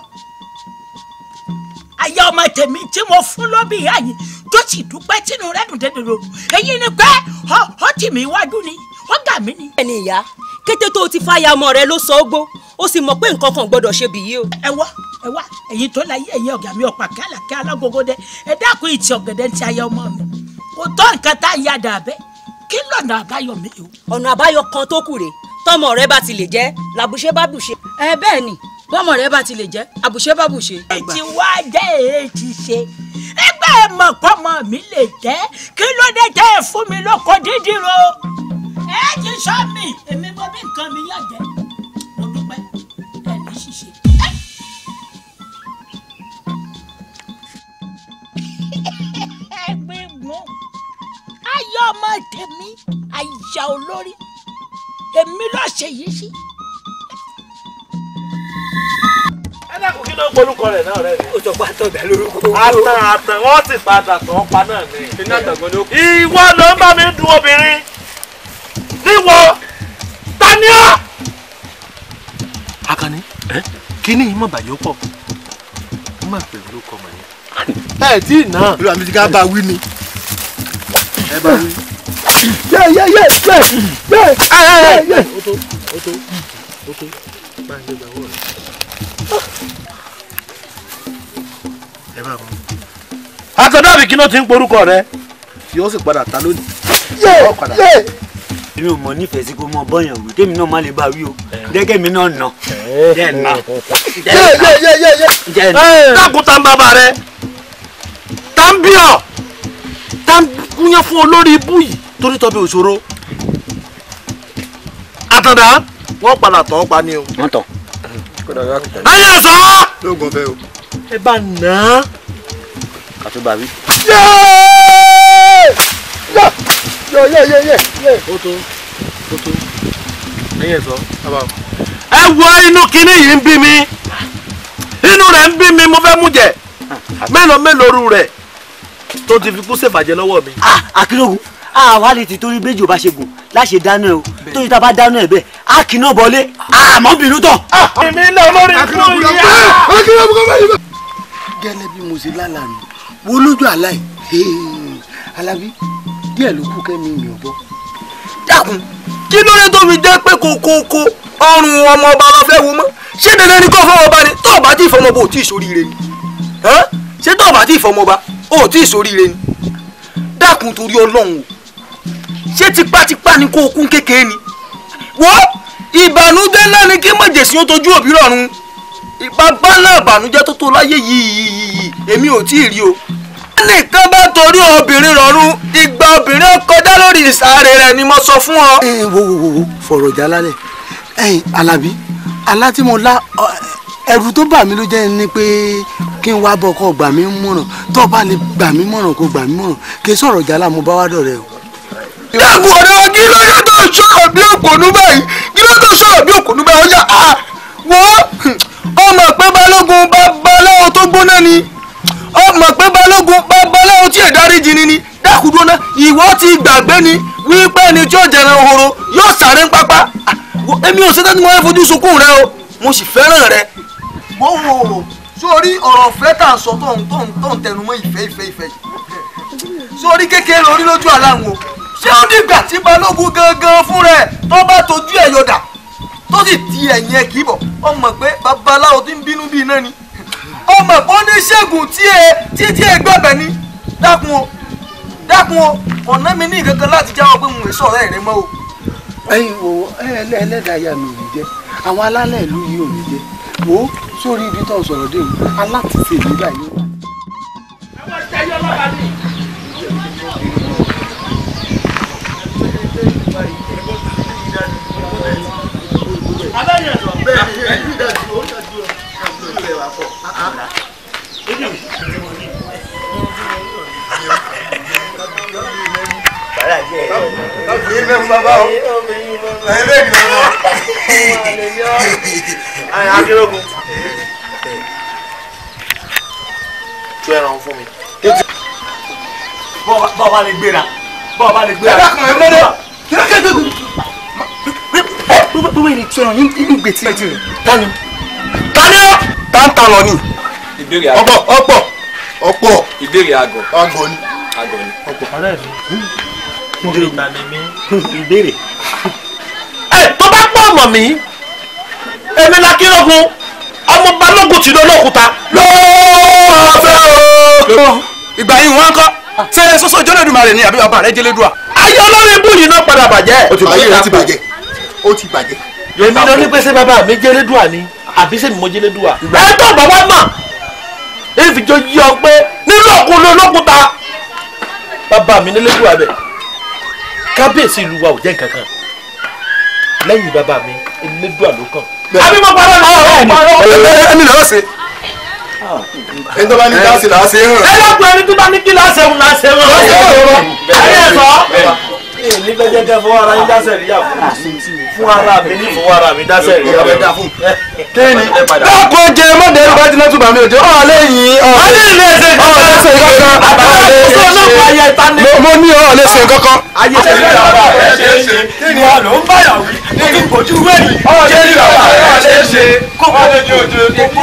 Speaker 3: àyà ọmọ tèmi tí mo fún lóbì ìyá tó sì dúpẹ́ tínú rẹ̀ dùn dédòdò èyí ni pé ó tì mí iwájú ni ó gà mí ni. ẹni ìyá kété tó o ti fàyà ọmọ rẹ ló sọ ó gbó ó sì mọ pé nǹkan kan gbọ́dọ̀ ṣe bìyí o. ẹ wá ẹ wá ẹ̀yin tó láyé ẹ̀yin ọ̀gá mi ọ̀pá kí alákẹ́ alágógó dẹ ẹ dákun ìtì ọ̀gẹ̀dẹ̀ ti àyà ọmọ mi kò tó nǹkan tá a yá dà bẹ́ẹ̀ kí lọ́nà àbáyọ mi o. ọ̀nà àbáyọ kan tó kù rèé tọmọ rẹ bá ti lè jẹ làbùṣe bá bùṣe. ẹ bẹ́ẹ̀ ni bọ́mọ rẹ bá ti lè jẹ àbùṣe bá bùṣe. èjì wá jẹ́ èjì ṣe ẹgbẹ́ ẹ mi lè jẹ́ kí ló dé jẹ́ fún mi lóko dídìrò. ẹ ti sọ mi èmi mo bí nǹkan mi yàn jẹ́. lórí ọmọ tèmi àyà olórí èmi ló ṣe yìí sí.
Speaker 2: ẹlẹ́kùn kí ló ń polúkọ rẹ̀ náà rẹ̀ rẹ̀. òjò pa àtọ̀gbẹ́ lórúkọ. àtàn àtàn wọ́n ti padà tàn pa náà ni. iná àtàgbọ́n ló kù. ìwọ ló ń bá mi dun obìnrin níwọ tania. Àkànní kíní yìí mọ̀ bàjẹ́ pọ̀ ó má pẹ̀lú ló kọ́ mọ̀ ni. ẹ tí ì ná. olùwàmísí ká bá wí ni ẹ bá wí. yẹ yẹ yẹ yẹ yẹ ayẹ yẹ. o tó o tó o tó bá a ṣe gbà wọ rẹ. ẹ bá wọn. àtọ̀dọ̀ àbíkí náà ti ń porúkọ rẹ yóò sì padà ta lónìí. yẹ yẹ èmi ò mọ nífẹ̀ẹ́ sí kó mọ bọ́yàn wò kémi náà má lè bá wí o gẹ́gẹ́ mi náà nà jẹ́ nà jẹ́ nà jẹ́ nà. dákun tá ń bàbá rẹ tá ń gúnyán fún olórí ibú yìí torí tọ́bi òṣòro àtàndá wọ́n padà tán pa ni o. wọ́n tán. ayé sọ. lóògùn ọbẹ̀ o. ẹ bá nà á. kàtó bá wí. yẹ yẹ yẹ yẹ yẹ. ó tó ó tó ayé sọ bàbá o. ẹ wọ inú kinní yìí ń bí mi inú rẹ̀ ń bí mi mo fẹ́ mú jẹ ah, ah. mélòó mélòó ru rẹ̀ tó ti fi kú ṣèbàjẹ́ lọ́wọ́ mi. àkínógun ah, àwa ah, lè ti torí méjì ò bá ṣe gùn láṣẹ dáná o torí tá a bá dáná ẹ bẹ́ẹ̀ á kìnnà bọ́lé ah, àmọ́ bínú tọ̀. èmi ń lọ lórí fún ìyá. gẹ́lẹ́ bí mo ṣe lálàá mi wo lójú àláì alábí díẹ̀ ló kú kẹ́mi mi ò bọ́. dákun kí ló dé tó fi jẹ́ pé kókókó ọrùn ọmọ ọba lọ fẹ́ wo mọ́ ṣé dandan ni kó fọmọ ọba ni tó o bá ti fọmọ ọba ò tí ì sóríire ni ṣé tó o bá ti fọmọ ọba o tí ì ṣoríire ni dákun torí ọlọ́run o ṣé tipátipá ni kó o kún kékeré ni wo ìbànújẹ́ ńlá ni kí mọ̀jẹ̀sí ó tọ́jú òbí rọ̀run ìbábá náà ìbànújẹ́ tó tó láyé yìí èmi ò tí ì rí o. ẹnìkan bá torí obìnrin rọ̀run ìgbà obìnrin kọjá lórí ìsàárè rẹ̀ ni mo sọ fún ọ. ẹ wo wo wo fọ̀rọ̀ jà lálẹ́ ẹ̀yin alábí alátìmọ̀lá ẹ̀rù tó bà mí ló jẹ́ ni pé. Pe kí n wá bọ̀ kọ́ gbà mí mọ̀ràn tó bá lè gbà mí mọ̀ràn kó gbà mí mọ̀ràn kì í sọ̀rọ̀ jàlá mo bá wá dọ̀rẹ́ o. dẹ́kun ọ̀rẹ́ wa kí ló yẹ tó sọ̀rọ̀ bí òkùnú báyìí kí ló tó sọ̀rọ̀ bí òkùnú báyìí ọjà à wọ́ ọmọ pé balógun babaláwo tó gbóná ni ọmọ pé balógun babaláwo tí èdáríjì ni ni dẹ́kun náà ìwọ ti gbàgbé ni wípé ẹni tí ó jẹrẹ òhòrò yóò sáré pápá èmi ò ṣetán tí mo fẹ́ fojú sunkún rẹ o mo sì fẹ́ràn rẹ. wọ́n wò ó sórí ọ̀rọ̀ ọ̀fẹ́ tà sọ tọ̀hún tọ̀hún tọ̀hún tẹnumọ́ ìfẹ́ ìfẹ́ ìfẹ́ yìí
Speaker 4: sórí kékeré orí lójú
Speaker 2: aláwọ̀ ṣé ó dìgbà tí balógun gangan fún rẹ̀ tó bá tojú ẹ̀ yọ̀dà tó sì ti ẹ̀yìn ẹ̀ kì í bọ̀ ọ mọ̀ pé babaláwo ti ń bínú bíi náà ni ọ mọ̀ pé ó ní ṣègùn tí ẹ títí ẹ gbẹ̀bẹ̀ ni dákun o dákun o ọ̀nà mi ní ìkankan láti jáwọ́ pé mo lè sọ̀rọ̀ ẹ̀rín mọ́ o. ẹ̀yin wo ẹlẹ́dàá yà mí ò ní jẹ́ àwọn alálẹ̀ ìlú yìí ò ní jẹ́ wo sórí ibi tó ń sọ̀rọ̀ dé o alátìsí èyí báyìí. ẹ wá jẹ́ yọ́ lọ́ba ní. bẹ́ẹ̀ ni ẹ̀yìn dájú ó dájú ọ̀ yìí bẹ fún bàbá o ẹ bẹ ní bàbá akérògùn tú ẹran fún mi. bọ́ọ̀ bá lè gbéra bọ́ọ̀ bá lè gbéra. ẹ dákun ẹ mẹ́rẹ́ kí ló kẹ́ tó gùn. bọ́ọ̀ yìí tú ẹran yín gbé tí. tani tani ó tanta lọ ni. ìbéèrè àgọ ọ̀pọ̀ ọ̀pọ̀ ọ̀pọ̀ ìbéèrè àgọ. àgọ ni. àgọ ni. ọ̀pọ̀ kúnlé <laughs> ìbéèrè. ẹ tó bá pọ̀ ọmọ mi èmi la kí lógun ọmọ balógun tìlú olókùúta. lọ́ọ̀ọ́fẹ́ o. ìgbà yìí wọ́n kọ́ ṣé sọ́sọ́ ìjọ́nà Èdùmàrè ni àbí bàbá rẹ̀ jẹ́lé dùà. ayé olórin bù yìí náà padà bàjẹ́. ó ti bàjẹ́ ó ti bàjẹ́ ó ti bàjẹ́. èmi ló ní pé ṣé bàbá mi jẹ́lé dùà ni àbí ṣé mi mo jẹ́lé dùà. ẹ tó bàbá mà èyí fi jọ yí ọ pé nílò òkun olókùúta bàbá mi nílé dùà bẹ́ẹ̀ kábíyèsí ìlú wa ò jẹ́ nǹkan kan lẹ́yìn bàbá mi elédùà ló kàn. àbí mo parọ́ ní ọ̀rọ̀ ọ̀rọ̀ ọ̀rọ̀ ẹni lọ́wọ́ sí. ẹni tó bá ní kí láàṣẹ làá ṣe é hàn. ẹ lọ́kùnrin tó bá ní kí láàṣẹ òun làá ṣe é hàn. ẹ yẹ sọ ní fẹ́ jẹ́ kẹ́ fọwọ́ ara yín dá sẹ̀ríyà fún ara mi ní fọwọ́ ara mi dá sẹ̀ríyà fún mi. kí ni dákun jẹ mọ́tò ẹ̀rọ bá ti náà túbà mí òjò ọ̀ lẹ́yìn ọ̀ lẹ́sẹ̀ ọ̀ lẹ́sẹ̀ kankan mo ní ọ̀ lẹ́sẹ̀ kankan. ayé ṣe ní ọ̀rọ̀ rẹ̀ ṣe é ṣe kí ni wọn ló ń báyà wí ní ìbòjú wẹ̀yìn ọ̀ ṣe ní ọ̀rọ̀ rẹ̀ ṣe é ṣe kó bá lójú ojú ojú.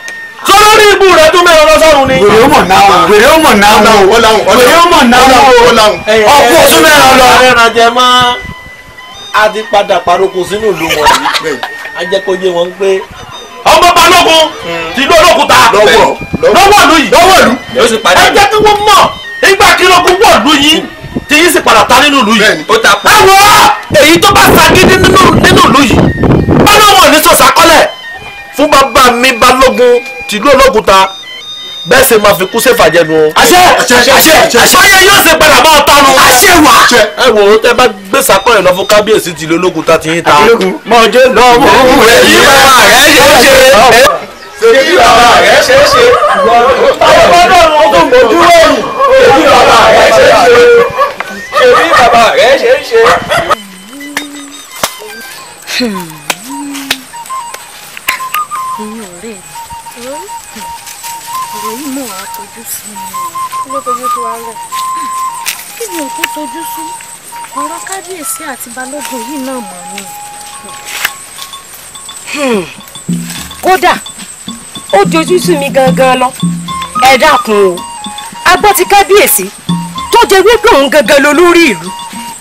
Speaker 2: sọlọ́rí ibu rẹ̀ tún mẹ́rin lọ́sọ̀rùn ni. wèrè ó mọ̀ náà o wèrè ó mọ̀ náà o wèrè ó mọ̀ náà o ọkọ̀ ọ̀sùn mẹ́rin lọ. ẹran jẹ mọ́ a ti padà paroko sínú ìlú wọn yìí ajẹ́kọ̀ọ́yé wọn ń pé ọmọ balógun
Speaker 4: hmm. tìlú olókùúta
Speaker 2: lọ́wọ́ ìlú yìí lọ́wọ́ ìlú ẹ jẹ́ kí wọ́n mọ̀ ìgbà kìlógún wọ̀ ìlú yìí tí yín sì padà ta nínú ìlú yìí. ẹ wọ èyí tó bá sagídí nínú ìlú tìlú olókùúta bẹ́ẹ̀ ṣe máa fi kú ṣe fàjẹnu. àṣẹ àṣẹ àṣẹ báyẹ yóò ṣe padà máa tanu. àṣẹ wà. ẹ wò ó tẹ bá gbé sakọ yìí lọ fún kábíyèsí tìlú olókùúta ti yín ta. mọ̀jẹ́ lọ́wọ́ rẹ̀ yí bàbá rẹ̀ ṣe é ṣe. ṣèbí bàbá rẹ̀ ṣe é ṣe. àwọn ọmọdé wọn kò mójú lóru. ṣèbí bàbá rẹ̀
Speaker 4: ṣe é ṣe. ṣèbí bàbá rẹ̀ ṣe é ṣe.
Speaker 3: ọ̀rọ̀ yìí náà á tọ́jú sí mi.
Speaker 4: kí ló tọ́jú sí wa lẹ̀. kí ni òkú
Speaker 3: tọ́jú sí ọ̀rọ̀ kábíyèsí àti balógun yìí náà mọ̀ ni. Hmm. kódà ó dojú sí mi gangan lọ ẹ dákun o a gbọ́ ti kábíyèsí tó jẹ́ wípé òun gangan lolórí ìlú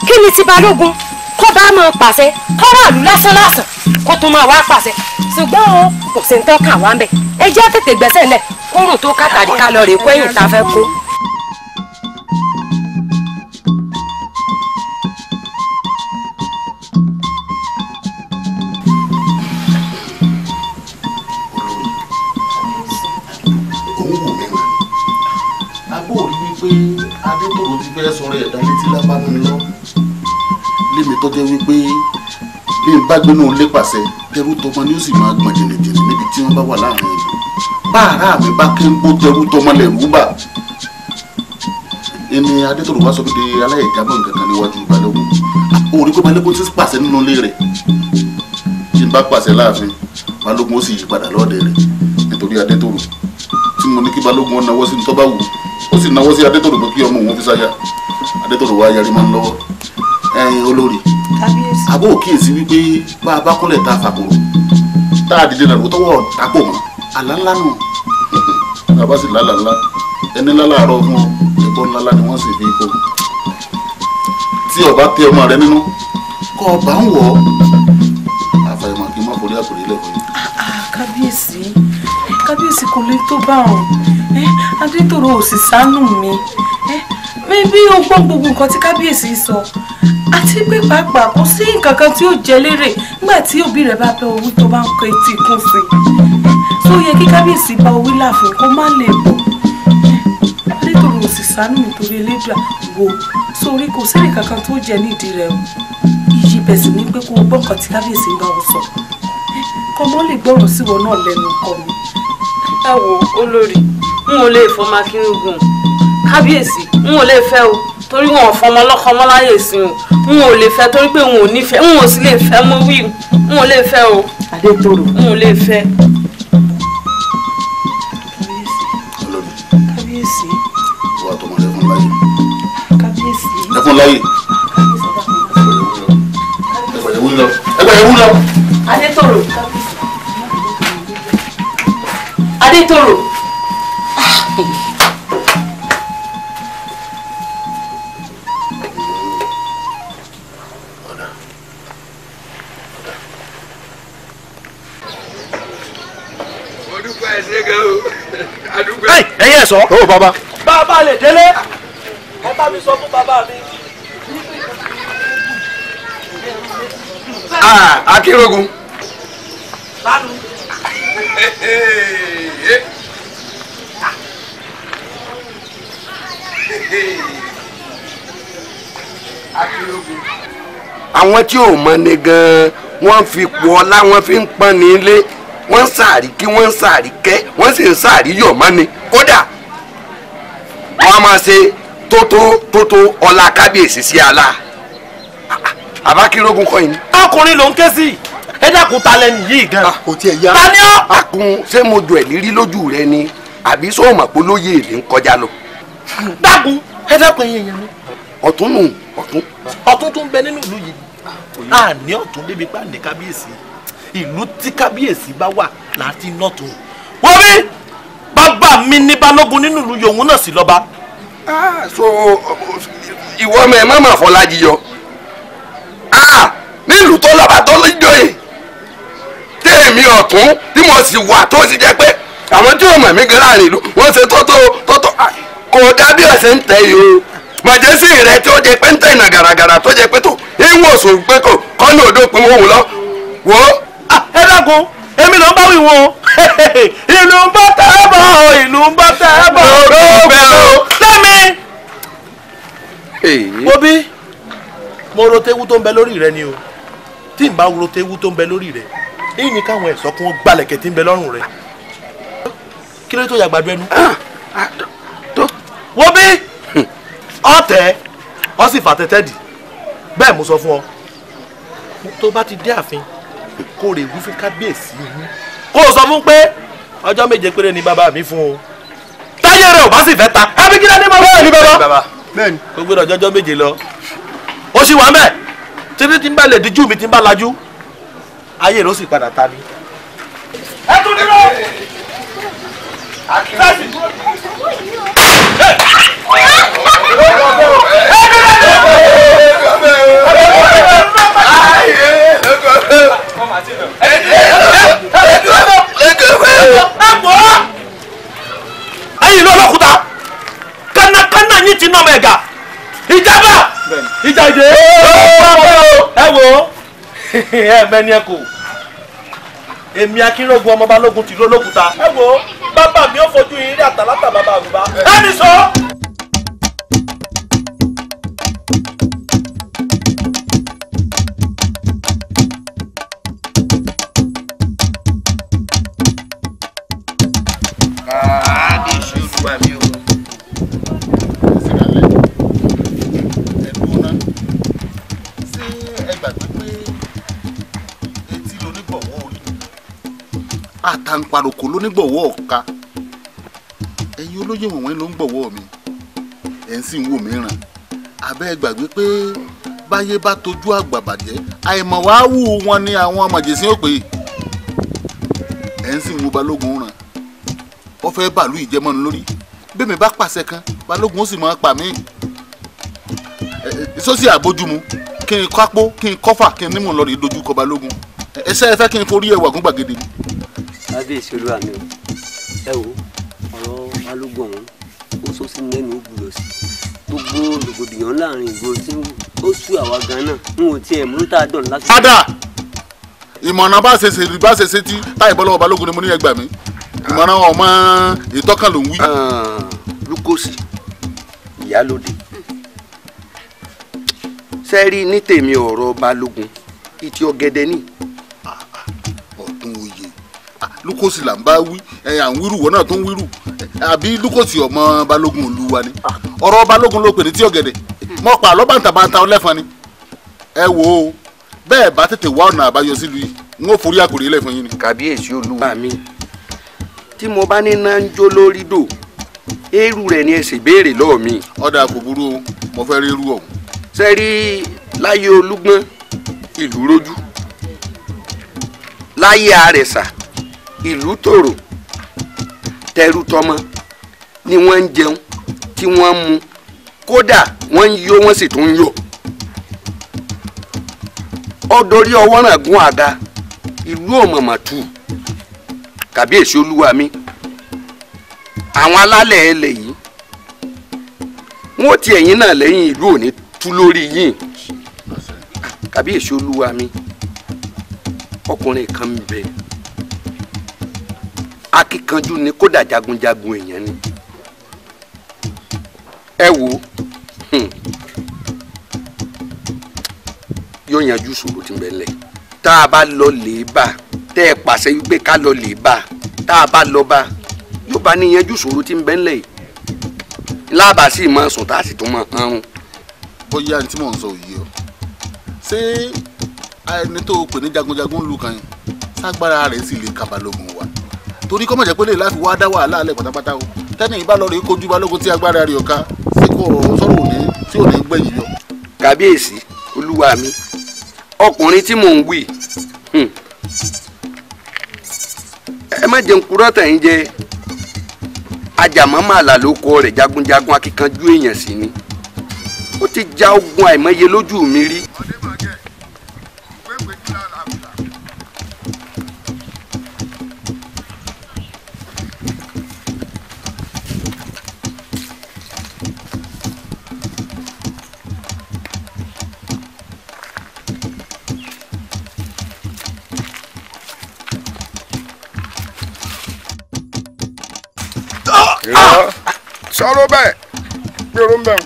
Speaker 3: kí ni ti balógun kó bá máa pàṣẹ kọ́ràlú lásán lásán kó tún máa wá pàṣẹ ṣùgbọ́n o kò sí nǹkan kà wá ń bẹ̀ ẹ jẹ́ tètè gbẹ́sẹ̀ lẹ̀ kórùn tó kàtàdí ká lọ rè kó èyí ta fẹ́ kó.
Speaker 1: pé adétòrò ti fẹ́ sọ̀rọ̀ ẹ̀dá létí lábánú lọ lémi tó jẹ́ wípé bí n bá gbénú ilé pàṣẹ tẹrú tọmọ ni ó sì máa gbọ̀n jìnnìjìnnì níbi tí wọ́n bá wà láàrin ìlú bá mi bá kí n gbó tẹrú tọmọ lẹ̀ rú ẹni adétọ̀rọ̀ wá sọ pé aláìjábọ̀ nǹkan kan níwájú balógun òòrí pé balógun ti pàṣẹ nínú ilé rẹ̀ tí n bá pàṣẹ láàfin balógun ó sì yí padà lọ́ọ̀dẹ rẹ̀ nítorí adétọ̀rọ̀ tí mo ní kí balógun ó nawọ́ sí ní ó sì nawọ́ sí adétọ̀rọ̀ pé kí ọmọ òun fi sáyà adétọ̀rọ̀ wá yarí máa ń lọ́wọ́ olórí àbó òkíyèsí wípé bá a bá kúnlẹ̀ tá a tá a dìde nàró tọwọ́ tápò mọ́ àlá ńlá nù bàbá sì lálàá ńlá ẹni lálàárọ̀ fún ẹ̀kọ́ ńlá ńlá ni wọ́n sì fi kó tí ọba tẹ ọmọ rẹ nínú kọ ọba ń wọ àfàìmọ̀ kí n má forí àpòrí lẹ́kọ̀ọ́ yìí.
Speaker 3: Ah, ah, kábíyèsí kábíyèsí kò lè tó bá ọ eh, adétòrò òsì sánú mi eh, bí o gbọ́ gbogbo nǹkan tí kábíyèsí sọ àti pé pàápàá kò sí nǹkan kan tí ó jẹ lérè nígbà tí òbí rẹ̀ bá bẹ owó tó bá ń kọ etí kún sí i tó yẹ kí kábíyèsí bá owó láàfin kó má lè bọ̀ nítorí òsì sánú nítorí elédùà wo sórí kò sí nǹkan kan tó jẹ nídìí rẹ̀ iyì bẹ̀sì ni pé kó o gbọ́ nǹkan tí kábíyèsí ń bá ọ sọ kọ́mọ lè gbọ́rọ̀ síwọ náà lẹ́nu kọ́ mi. ẹ wo olórí n ò lè fọmọ akínrúgùn kábíyèsí n ò lè fẹ́ o torí wọn ò fọmọ lọ́kọ láyè sí o n ò lè fẹ́ torí pé n ò nífẹ̀ẹ́ n ò sì lè fẹ́ mú wí n ò lè fẹ́
Speaker 1: o Adétòrò n ò lè fẹ́. kábíyèsí wà tó máa lọ ẹgbẹ̀rẹ̀
Speaker 2: wú sọ. ó Baba, bàbá lè délé ẹ mi sọ fún Baba mi. akérògùn. lánàá. àwọn tí ò mọ ni gan-an wọ́n fi pọ̀ ọlá wọ́n fi ń pọ́n ní ilé wọ́n ń sàárì kí wọ́n ń sàárì kẹ́ wọ́n sì ń sàárì yọ̀ mọ́ kódà wàá máa ṣe tótó tótó ọlá kábíyèsí sí àlá àbákírógun kọ́ yìí. ọkùnrin ló ń ké sí ẹ dákun ta lẹni yìí gan. Ah, kò tiẹ̀ yá ta akun ah, ṣé mo jọ ẹ̀ lójú rẹ ni àbí sọ ma pé lóye èlé ń kọjá lọ. dákun ẹ dákun ẹ̀yin èèyàn mi. ọ̀tún nù ọ̀tún. ọ̀tún tún bẹ nínú ìlú yìí a ní ọ̀tún débi pa ní kábíyèsí ìlú tí kábíyèsí bá wà láti nọ̀tún. wọ́n rí bàbá mi ní balógun nínú ìlú yòówù náà sí lọ́ba ah so ìwọ ọmọ ẹ má má fọlájì yọ ah nílùú tó lọ́ba tó lójoyè tèmi ọ̀tún tí mo sì wà tó sì jẹ́ pé àwọn tí yóò mọ̀ mí gan láàrin ìlú wọ́n ṣe tọ́tọ́ tọ́tọ́ ah, kò dábí ọ̀sẹ̀ ń tẹ̀ yìí o màjẹ́sí rẹ tí ó jẹ pé ń tẹ̀ ìnà gàràgàrà tó jẹ pé tó ìwọ̀n sùn pé kò kọ́nà odò pin òun lọ wò ó. Ah, ẹ dákun èmi ló ń bá wíwọ́n <laughs> ìlú ń bọ́ tẹ́ bọ̀ ìlú ń bọ́ tẹ́ bọ̀. ló bẹ́ẹ̀ o mi. wo bí mo rotewu tó ń bẹ lórí rẹ ni o tí n bá rotewu tó ń bẹ lórí rẹ èyí ni káwọn ẹ̀sọ́ kún gbalẹ̀kẹ̀ tí ń bẹ lọ́rùn rẹ kí ló tó yàgbàdo ẹnu. Ah, ah, wo bí hmm. ọ̀tẹ̀ ọ sì fà tẹ́tẹ́ dì bẹ́ẹ̀ mo sọ fún ọ tó bá ti dé ààfin kó rè wí kábíyèsí yín kó sọ fún pé ọjọ́ méje péré ni bàbá mi fún o táyé rẹ̀ ò bá sì fẹ́ ta abikila ní bàbá bẹ́ẹ̀ ni bàbá bẹ́ẹ̀ ni kò gbọdọ̀ jọjọ́ méje lọ ó sì wà mẹ́ títí tí ń bá lè díjú mi tí ń bá lajú ayé rẹ̀ ó sì padà ta ni. ẹ tún nínú àkíyèsí. Come on, sit down. Hey, hey, hey, hey, hey, hey, hey, hey, hey, hey, hey, hey, ẹ̀yìn lọ́lọ́kúta kánnakánná yín ti nà mẹ́ga ìjábà ìjà ìdè ẹ wò ó ẹ mẹ́ni ẹ kò èmi akínrógun ọmọ balógun tìlú olókùúta ẹ wò ó bàbá mi ò fojú yín rí àtàlátà bàbá àgùbá ẹni sọ.
Speaker 1: àtàǹparòkò lónígbọ̀wọ́ ọ̀ka ẹ̀yin olóyè wọ̀nyí ló ń gbọ̀wọ́ mi ẹ̀ ń sì ń wò mí abẹ́ gbàgbé pé báyé bá tojú àgbà àìmọ̀ wàá wù wọn ni àwọn màjèsín òpè ẹ̀ ń sì ń wo balógun ràn ó fẹ́ bàálù ìjẹmọ́ni lórí bẹ́ẹ̀ mi bá pàṣẹ kan balógun ó sì máa pa mí sọ́sì àbójúmu kí n kápó kí n kọ́fà kí n nímọ̀ lọ́rẹ̀ dojúkọ balógun ẹ̀ṣẹ́ ẹ fẹ́ kí n forí ẹwà gún gbàgede
Speaker 2: kábíyèsí olúwa mi o ẹ wo ọ̀rọ̀ balógun ọ̀hún ó sọ sí mẹ́nu ó gbúdọ̀ sí gbogbo rògbòdìyàn láàrin ìgboro tí
Speaker 1: ó sú àwa gan náà n ò tiẹ̀ mú tá a dọ̀ láti. padà ìmọ̀ràn bá ṣe ṣe bá ṣe ṣe tí táyì bọ́ lọ́wọ́ balógun ni mo ní ẹgbàá mi ìmọ̀ràn ọmọ ìtọ́kàn ló ń wí. lukosi ìyálóde
Speaker 2: sẹ́rí ní tèmi ọ̀rọ̀ balógun ìtì ọ̀gẹ̀dẹ̀ ni
Speaker 1: lukosi là ń bá wí ẹ à ń wíru wọ́n náà tó ń wíru àbí lukosi ọmọ balógun ìlú wa ni ọ̀rọ̀ balógun ló pè ní tí ọ̀gẹ̀dẹ̀ mọ̀ pa àlọ́ bàǹtàbàǹtà ọlẹ́fọn ni ẹ wo o bẹ́ẹ̀ bá tètè wá ọ̀nà àbáyọ sílùú yìí n ó forí àkòrí ilẹ̀ fún ni. kàbíyèsí olúwa mi tí mo bá ní náà ń jó lórí dò eérú rẹ̀ ni ẹ béèrè lọ́ọ̀ mi. ọ̀dà kò burú o mo fẹ́ rí irú ọ̀hún. sẹ́rí láyé olúgbọ́n ìlú rójú
Speaker 2: láyé àrẹ̀sà ìlú tòrò tẹrú tọmọ ni wọ́n ń jẹun tí wọ́n ń mu kódà wọ́n ń yó wọ́n sì tún ń yó ọdọrí ọwọ́ náà gún àga ìlú ọ̀mọ̀mọ̀ tù kàbíyèsí olúwa mi àwọn alálẹ̀ ẹlẹ̀ yìí wọ́n ti ẹ̀yìn náà lẹ́yìn ìlú òní tú lórí yìí kàbíyèsí olúwa mi ọkùnrin kan ń bẹ akíkanjú ni kódà jagunjagun èèyàn ni ẹ wo hmm, yóò yanjú ìṣòro tí ń bẹ lẹ̀ tá a bá lọ lè bá tẹ́ ẹ pàṣẹ wípé ká lọ lè bá tá a bá lọ bá yóò bá ní yanjú ìṣòro tí ń bẹ
Speaker 1: lẹ̀ lába sì máa sùn tá a sì tún máa hanrun. bóyá ẹni tí mò ń sọ òye o ṣé ẹni tó o pè ní jagunjagun lù kan yìí ságbára rẹ̀ sì lè kábàlógún wa. torí kọ́mọ̀ jẹ́ pé lè láti wá dá wàhálà alẹ́ pátápátá o teni ìbá lọ rèé kojú balógun tí agbára rẹ̀ ọ̀ka sí kò sọ̀rọ̀ òní tí ò ní gbẹ̀yìn yọ. kábíyèsí olúwa mi ọkùnrin tí mò ń wí hmm.
Speaker 2: ẹ má jẹun kúrọ́ tẹ̀yìn jẹ ló jagunjagun akíkanjú èèyàn ni ó ti ogun àìmọye lójú ọ̀rọ̀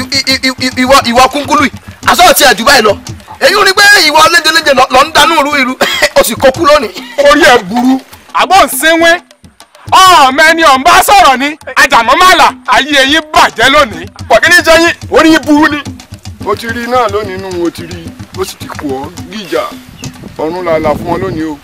Speaker 2: ń bẹ̀ ìwọ ìwọ kúnkúlù àsọ ti ẹ̀jú báyìí lọ èyí ò ní pé ìwọ léjeléje lọ ń danú ìlú ìlú <laughs> o sì kókú lónìí. orí ẹ burú. àbọ̀ ń sẹ́wẹ́ ọ̀ọ́mọ ẹni ọ̀n bá sọ̀rọ̀ ni àjàmọ́mọ́là ayé yín bàjẹ́ lónìí. pàkínní jẹ́yìn orí yín burú ni. o ti rí náà lónìí inú o ti rí o sì ti kú ọ gíjà ọ̀run làlà fún ọ lónìí o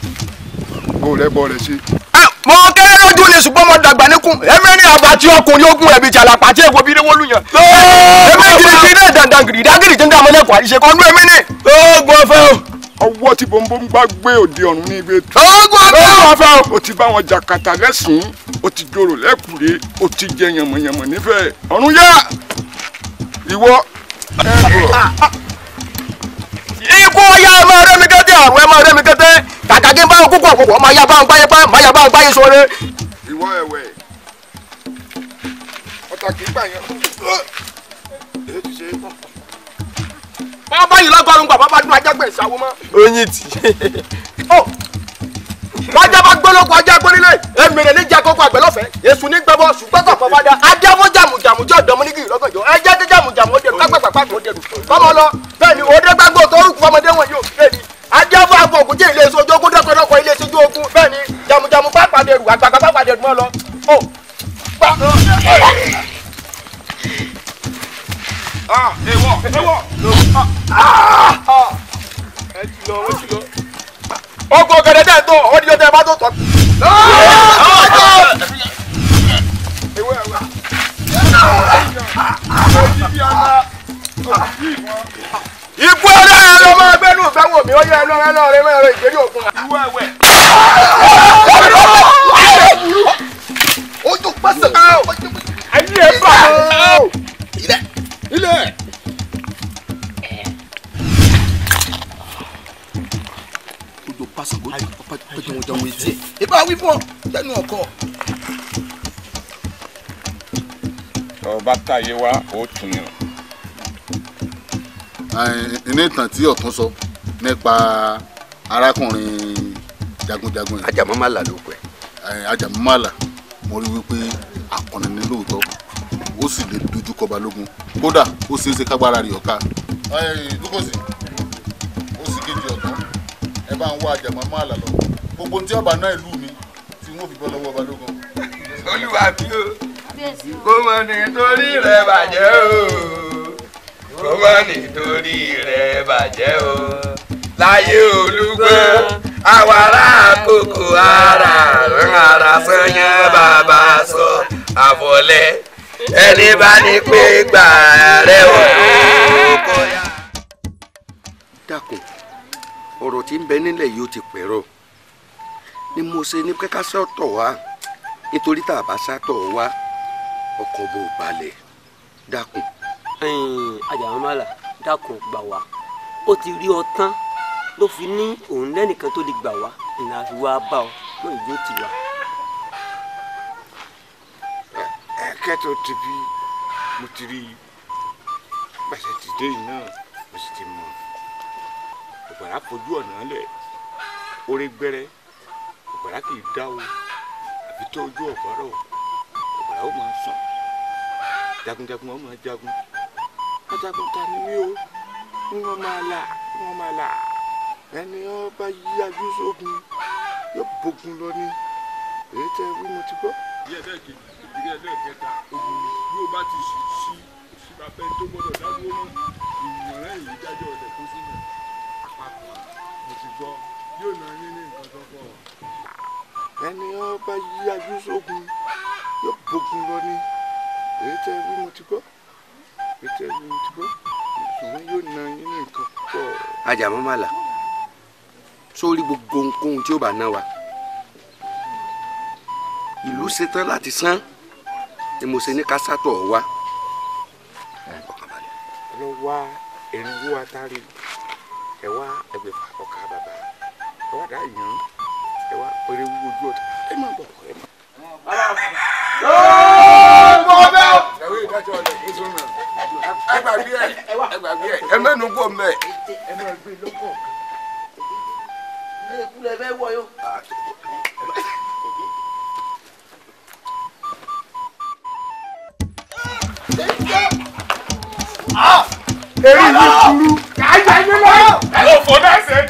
Speaker 2: bó rẹ bọ rẹ ṣe. Ah! mo kéré lójú ni ṣùgbọ́n mo dàgbà níkùn ẹ̀mí ní abatí ọkùnrin ogun ẹ̀bí ti àlàpàtì èkó bí níwó lùyàn. ẹ̀mí gidi náà dandan gidi dágìrì tí ń dá ọmọlẹ́kọ̀ọ́ àdìsẹ́ kan ọdún ẹ̀mí ni. oògùn ọ̀fẹ́ o. ọwọ́ tí bọ́ńbọ́n gbá gbé òde ọ̀run ní ibi ètò. oògùn ọ̀fẹ́ o. o ti bá wọn jàkàtà lẹ́sùn o ti jòrò lẹ́kùrẹ́ o ti jẹ yànmọ̀yànmọ̀ nífẹ̀ẹ́ ọ̀run yá ìwọ ikú ọyá ẹ máa rẹ́mi kẹ́tẹ́ àrùn ẹ máa rẹ́mi kẹ́tẹ́ kàkà kí n kúkú ọ̀pọ̀pọ̀ ọmọ ayé abáwọn gbáyé pa máa yà báwọn gbáyé sóore. ìwọ ẹ̀wẹ̀ ọ̀tà gbà yẹn èyí ti ṣe é báyìí lọ́gọ́rùn gbà bàbá dún ajá gbẹ̀sà wo mọ́. oyin ti. bájá bá gbólógun ajá gbónílé èmèrè ní ìjà kókó àgbẹ̀ lọ́fẹ̀ẹ́ èṣù ní gbẹ́bọ ṣùgbọ́n kò fọwọ́ ajá fún jàmùjàmù jọ dọ̀mú ní kìlì lọ́gànjọ́ ẹjẹ́ jẹ́ jàmùjàmù ó dẹ̀rù kápẹ́pàpá kò dẹ̀rù kọ́mọ lọ bẹ́ẹ̀ ni òde gbàgbọ́ tó rúkú ọmọdé wọn yóò kéde ajáfọ́ àbọ̀ òkú jẹ́ ilé iṣẹ́ ojú ogun dọ́kọ̀dọ́kọ̀ ilé iṣẹ́ ojú ogun bẹ́ẹ̀ ni jamujamu bá pàdé rù àgbààgbà bá pàdé rù mọ́ lọ. ó gbà ó ah, ah ah ẹ ti lọ ó ti lọ. ogun ọ̀gẹ̀dẹ̀ tẹ̀ ń tó ó di ọjọ́ ẹ bá tó tọ́. ewé ikú ọ̀rẹ́ ẹ lọ máa gbẹ́nu ìfẹ́wọ̀n mi ọyẹ ẹlọ ẹlọ rẹ mẹ́rin ìgbérí òkun. ìwọ ẹwẹ. ojú pẹ́sẹ̀. ayé ẹ bá. ilẹ̀. ilẹ̀. ojú pẹ́sẹ̀ gbọ́dọ̀ pẹ́tẹ́ etí ẹ̀. ìbá wí tẹnu ọkọ.
Speaker 1: ọba táyé wa ó tún yàn. Eh, ní ìtàn tí ọ̀tún sọ nípa arákùnrin jagunjagun yìí. E. Àjàmọ́málà ló pẹ́. Àjàmọ́málà eh, mo rí wípé akọni ni lóòótọ́ ó sì lè dojú kọ balógun kódà ó ṣeé ṣe kágbára rẹ̀ ọ̀ka. Eh, dúkòsì ó sì kejì ọ̀tún ẹ bá ń wá Àjàmọ́málà lọ gbogbo tí ọba náà ìlú mi tí wọn fi bọ́ lọ́wọ́ balógun. olúwa o kó mọ̀ nítorí rẹ̀ bàjẹ́
Speaker 2: o. kó má nítorí rẹ̀ bàjẹ́ o láyé olúgbọ́n àwàrà àkókò ara ara sanyán bàbá sọ àfọlẹ́ ẹni bá ní pé gbà rẹ̀ wọ̀ lóko yá. dákun ọ̀rọ̀ tí ń bẹ nílẹ̀ yìí ó ti pẹ̀rọ ni mo ṣe ní kẹ́kẹ́ sọ́tọ̀ wá nítorí tá a bá sátọ̀ wá ọkọ̀ bò balẹ̀ dákun Àjàmọ́lá dákun gbà wá ó ti rí ọ tán ló fi ní òun lẹ́nìkan tó lè gbà wá ìlànà fi bá ọ mọ ìjó ti wá. kẹ́tọ̀ ti bí mo ti rí pẹ̀sẹ̀ ti dé yìí náà mo sì ti mọ̀ ògbàrá fojú ọ̀nà lẹ̀ orí gbẹ́rẹ́ ògbàrá kì í dáwọ́ àbí tó ojú ọ̀gbàrá ògbàrá ó máa sàn jagunjagun ó máa jagun. jagun, jagun ajagunta ni mí o wọn máa là wọn máa là ẹni wọn bá yí ajú sógun yóò bógun lọ ni èyí tẹ wí mo ti gbọ́. ìyá ẹlẹ́ẹ̀kejì ìdílé ẹlẹ́ẹ̀kẹta ogun ni yóò bá ti sì sí ìṣúrafẹ́ tó gbọ́dọ̀ dáwọ́ mọ́ ìmọ̀ràn èyí dájọ́ ọ̀dẹ̀ kó sínú àpapọ̀ mo ti gbọ́ yóò náà yín ní nǹkan tó pọ̀. ẹni wọn bá yí ajú sógun yóò bógun lọ ni èyí tẹ wí mo ti gbọ́ ètò ẹ̀yìn tó ṣùgbọ́n yóò na inú nǹkan pọ̀. ajàmọ́ má là sórí gbogbo ohunkóhun tí ó bá ná wa ìlú ṣetán láti san ni mo ṣe ní ká sátọ̀ wá. lọ wá ẹ̀rínwó atari ẹ wá ẹgbẹ̀fà ọkà bàbá ẹ wá dá yàn ẹ wá péré wúwo ojú ọ̀tá ẹ má bọ̀ ẹ má. yóò mọ̀ bẹ́ẹ̀ ẹ gbàgbé ẹ ẹ gbàgbé ẹ ẹ mẹ́nu kò mẹ́. ẹ máa gbé lọ́kọ̀ èyí ni kúrú. kàá yà lọ. ẹ lọ fọ náà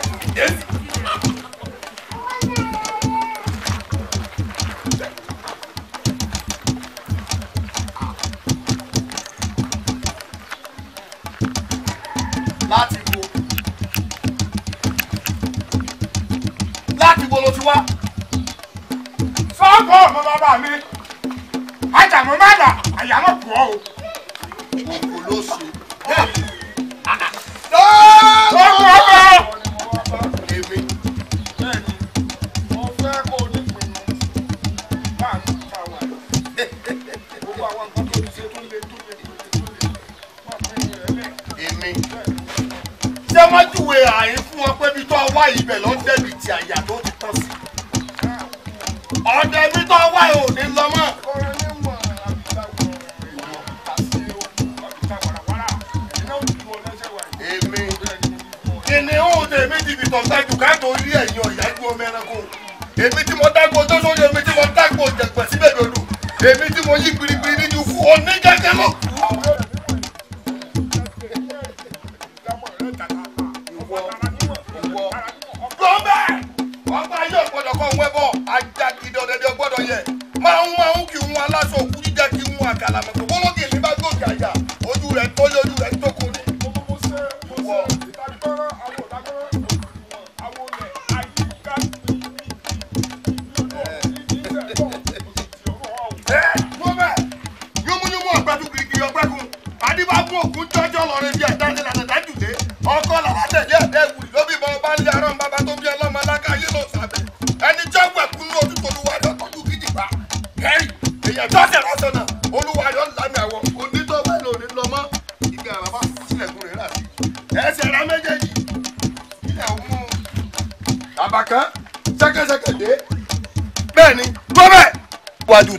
Speaker 2: mọ̀ ajá gidi ọ̀dẹ̀dẹ̀ ọgbọ́dọ̀ yẹ máa ń máa ń kí ń wọn aláṣọ òkú jíjá kí ń wọn àkàlà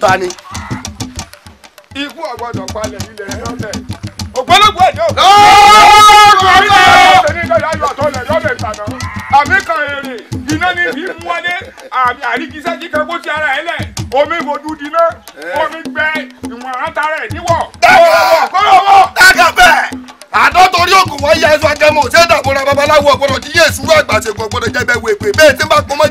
Speaker 2: pa ni. ikú ọgbọdọ palẹ̀ ilẹ̀ ẹ lọlẹ ògbólógbò ẹjọ. lọ́ọ̀rọ̀ ọ̀rọ̀ ọ̀rọ̀ ìdọ̀yà yọ̀ tọ́lẹ̀ àmì kan èrè iná ní bí mú wọlé àmì àríkísẹ́ kíkan kó ti ara ẹ lẹ̀ omi fojú diná eh. omi gbẹ ìwọ̀n àtàrà ẹ̀ níwọ̀. dákàbẹ̀ dákàbẹ̀ torí ògùn wọ́n yẹ ẹ̀sùn akẹ́mọ̀ ṣé dàbọ̀ra babaláwo ọ̀gbọ́dọ̀ ti yé èsúrú àgbàṣe gbọ̀gbọ́dọ̀ jẹ́bẹ̀ wèpè bẹ́ẹ̀ tí bá pọ́nmọ́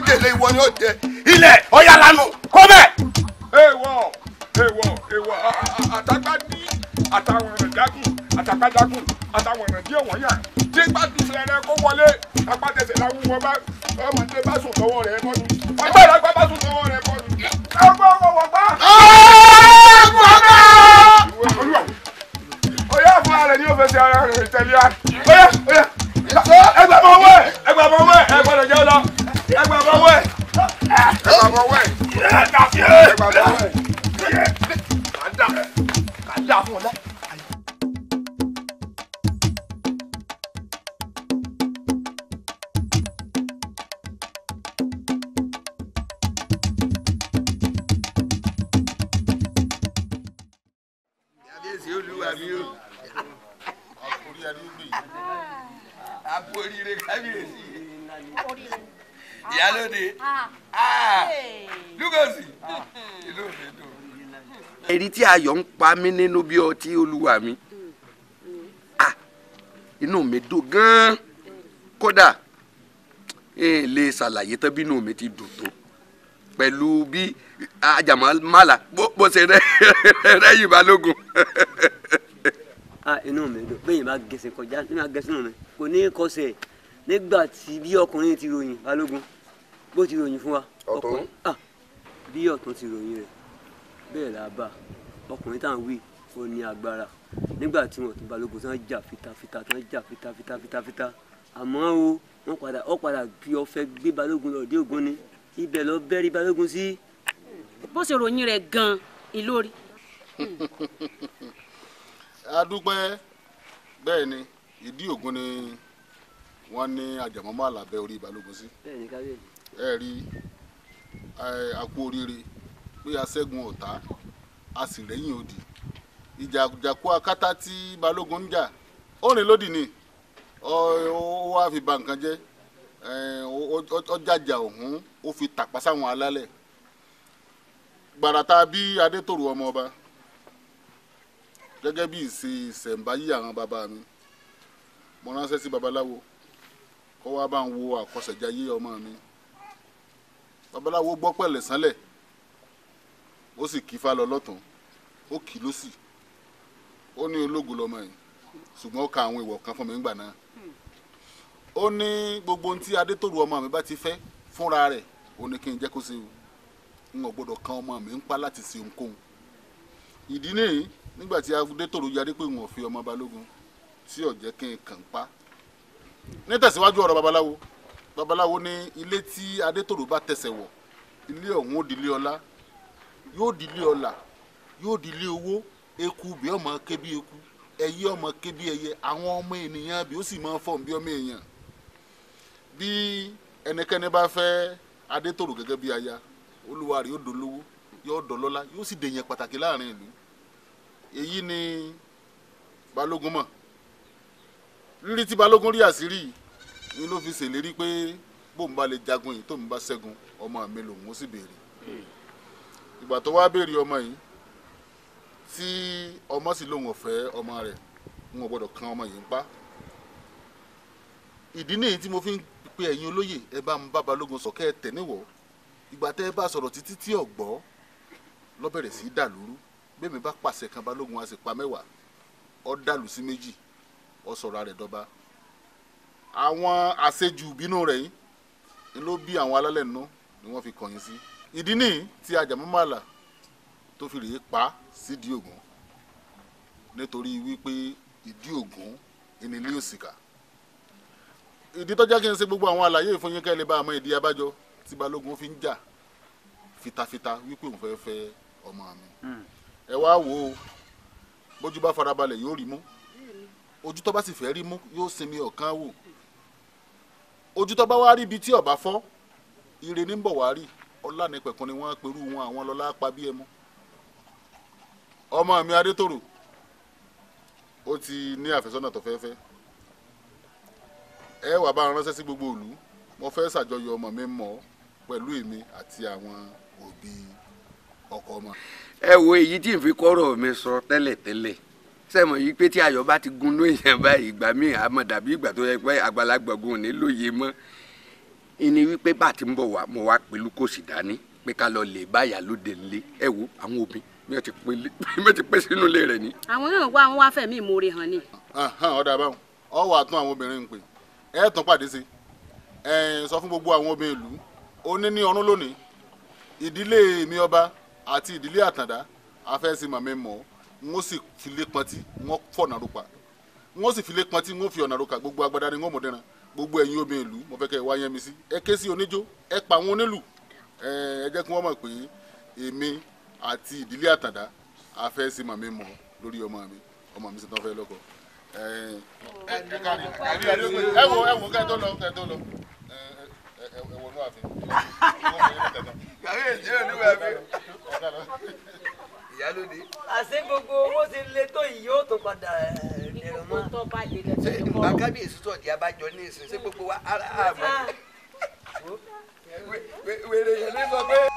Speaker 2: tí ayọ̀ ń pa mí nínú bí ọtí olúwa mi ah inú mi dùn gan-an kódà èè lè ṣàlàyé tán bí inú mi ti dùn tó pẹ̀lú bí ajàmọ́lá bó ṣe rẹ́yìn <laughs> balógun. ah <laughs> inú mi dùn bẹ́ẹ̀ yìí bá gẹ̀ẹ́sì kọjá nínú agẹ́sìnú mi kò ní kọsẹ̀ nígbà tí bí ọkùnrin ti ròyìn balógun bó ti ròyìn fún wa ọkùnrin ah bí ọ̀tún ti ròyìn rẹ̀ bẹ́ẹ̀ la bá a ọkùnrin tá à ń wí ó ní agbára nígbà tí wọn ti balógun tán jà fitafita tán jà fitafita fitafita àmọ́ o wọ́n padà ó padà bí ọfẹ́ gbé balógun lọ dé ògún ni ibẹ̀ lọ bẹ́rí balógun sí.
Speaker 3: bó
Speaker 1: ṣe ròyìn rẹ̀ gan-an ìlórí. adúpẹ́ <laughs> bẹ́ẹ̀ ni ìdí ògún ni wọ́n ní àjàmọ́mọ́ àlàbẹ̀ orí balógun sí. ẹ rí a kú oríire pé a ṣẹ́gun ọ̀tá a sì rẹ́yìn odi ìjàkú akátá tí balógun ń jà ó lódì ni ó wá fi ba nǹkan jẹ́ ó jàjà òun ó fi tàpá sáwọn alálẹ̀ gbàràtà bí adétòrò ọmọ ọba gẹ́gẹ́ bí ìṣe ìṣẹ̀ǹbáyé àwọn bàbá mi mo ránṣẹ́ sí babaláwo kó wá bá ń wo àkọsẹ̀jáyé ọmọ mi babaláwo gbọ́ pẹ̀lẹ́ sánlẹ̀ ó sì kí fá lọ lọ́tún ó kì í lọ́sì ó ní ológun lọ́mọ yìí ṣùgbọ́n ó ka àwọn ìwọ̀ kan fún mi ńgbà náà ó ní gbogbo ohun tí adétòrò ọmọ mi bá ti fẹ́ fúnra rẹ̀ ó ní kí n jẹ́ kó ṣe o n ò gbọ́dọ̀ kan ọmọ mi ń pa láti ṣe ohunkóhun ìdí nìyí nígbà tí adétòrò yarí pé n ò fi ọmọ balógun tí ò jẹ́ kí n kàn pa nítẹ̀síwájú ọ̀rọ̀ babaláwo babaláwo ní ilé tí adétòrò bá tẹsẹ̀ wọ̀ ilé ọ̀hún ó di ọlá yóò dilé ọlà yóò dilé owó eku bí ọmọ ké bí eku ẹyẹ ọmọ ké bí ẹyẹ àwọn ọmọ ènìyàn bí ó sì máa fọ̀n bí ọmọ èèyàn bí ẹnikẹ́ni bá fẹ́ adétòrò gẹ́gẹ́ bí aya olúwa rẹ̀ yóò dolówó yóò dọlọ́lá yóò sì dèèyàn pàtàkì láàrin ìlú èyí ni balógun mọ̀ rírí tí balógun rí àṣírí ni ló fi ṣèlérí pé bóun bá lè jagun yìí tóun bá ṣẹ́gun ọmọ mi lòun ó sì béèrè ìgbà tó wá béèrè ọmọ yìí tí ọmọ sì lòun ọ̀fẹ́ ọmọ rẹ̀ wọn ò gbọ́dọ̀ kan ọmọ yìí ń pa ìdí nìyí tí mo fi ń pe ẹ̀yin olóyè ẹ bá ń bá balógun sọ̀kẹ́ ẹ tẹ̀ níwọ̀ ìgbà tẹ́ ẹ bá sọ̀rọ̀ títí tí ọ̀gbọ́ ló bẹ̀rẹ̀ sí í dà lóru bẹ́ẹ̀mi bá pàṣẹ kan balógun á sì pa mẹ́wàá ó dàlù sí méjì ó sọ̀rọ̀ rẹ̀ dọ́ba àwọn àṣejù ìbínú rẹ̀ yìí ló bí àwọn alálẹ̀ nù ni wọ́n fi kọ̀yìn sí. Si ìdí nìyí tí ajàmúmàlà tó fi rèé pa sídìí ògún nítorí wípé ìdí ògún ìnílé òsìkà ìdí tọ́jà kí n ṣe gbogbo àwọn àlàyé ìfún yín kẹ́lẹ́ bá àmọ́ ìdí abájọ tí balógun fi ń jà fitafita wípé òun fẹ́ fẹ́ ọmọ mi hmm. ẹ wá wò ó bójú bá farabalẹ̀ yóò rí mú ojú tó bá sì fẹ́ rí mú yóò sinmi ọ̀kan wò ojú tó bá wá rí ibi tí ọ̀bá fọ́ ire ní bọ̀ wá rí ọlànìpẹ̀kun ni wọ́n perú wọn àwọn lọ́lá pa bí ẹmu ọmọ mi adétòrò ó ti ní àfẹ́sọ́nà tó fẹ́ẹ́ fẹ́ ẹ wà bá ránṣẹ́ sí gbogbo ìlú mo fẹ́ ṣàjọyọ̀ ọmọ mi mọ̀ pẹ̀lú èmi àti àwọn òbí ọkọ ọmọ.
Speaker 2: ẹ wo èyí tí n fi kọ́rọ̀ mi sọ tẹ́lẹ̀tẹ́lẹ̀ sẹ́mọ̀ yìí pé tí ayọ̀ bá ti gun lóyìn báyìí ìgbà míì àmọ̀ dàbí ìgbà tó yẹ pé àgbàlagbà gun ò ní lóye mọ́ ìní wípé bá a ti ń bọ̀ wá mo wá pẹ̀lú kò sì dání pé ká lọ lè báyà lóde nílé
Speaker 1: ẹ wo àwọn obìn mi ò ti pé mi ò ti pé sínú ilé rẹ ni.
Speaker 3: àwọn náà wá àwọn wáfẹ́ mi ìmoore
Speaker 1: hàn ni. ọ̀dà báwọn ọ wà tún àwọn obìnrin ń pè ẹ tán pàdé sí ẹ sọ fún gbogbo àwọn obìnrin ìlú òní ní ọ̀run lónìí ìdílé mi ọba àti ìdílé àtàndá afẹ́sí màmí mọ̀ wọ́n sì filé pọntí wọ́n fọ̀nà rúpa wọ́n sì filé pọntí wọ́n fi ọ̀nà rúpa gbogbo agbada ni wọ́n mọ̀ dẹ́ran gbogbo ẹ̀yin omi ìlú mo fẹ́ kẹ́ ẹ wá yẹn mi sí ẹ ké sí oníjó ẹ pa àwọn onílù ẹ jẹ́ kí wọ́n mọ̀ pé èmi àti ìdílé àtàdá a fẹ́ sí màmí mọ́ lórí ọmọ mi ọmọ mi sì tán fẹ́ lọ́kọ. ẹ wo ẹ wo kẹ́ ẹ tó lọ kẹ́ ẹ tó lọ ẹ wo náà fi. kàwé ìjíròrò níwájú
Speaker 2: ìyálóde. àṣé gbogbo owó ti lé tó yìí yóò tó padà dẹrọ eh, mọ. ṣé ìgbà kábíyèsí tó ọ̀dí abájọ ní ìsìn gbogbo wa ara àmọ́. Ah. wèrè yẹn ló sọ pé.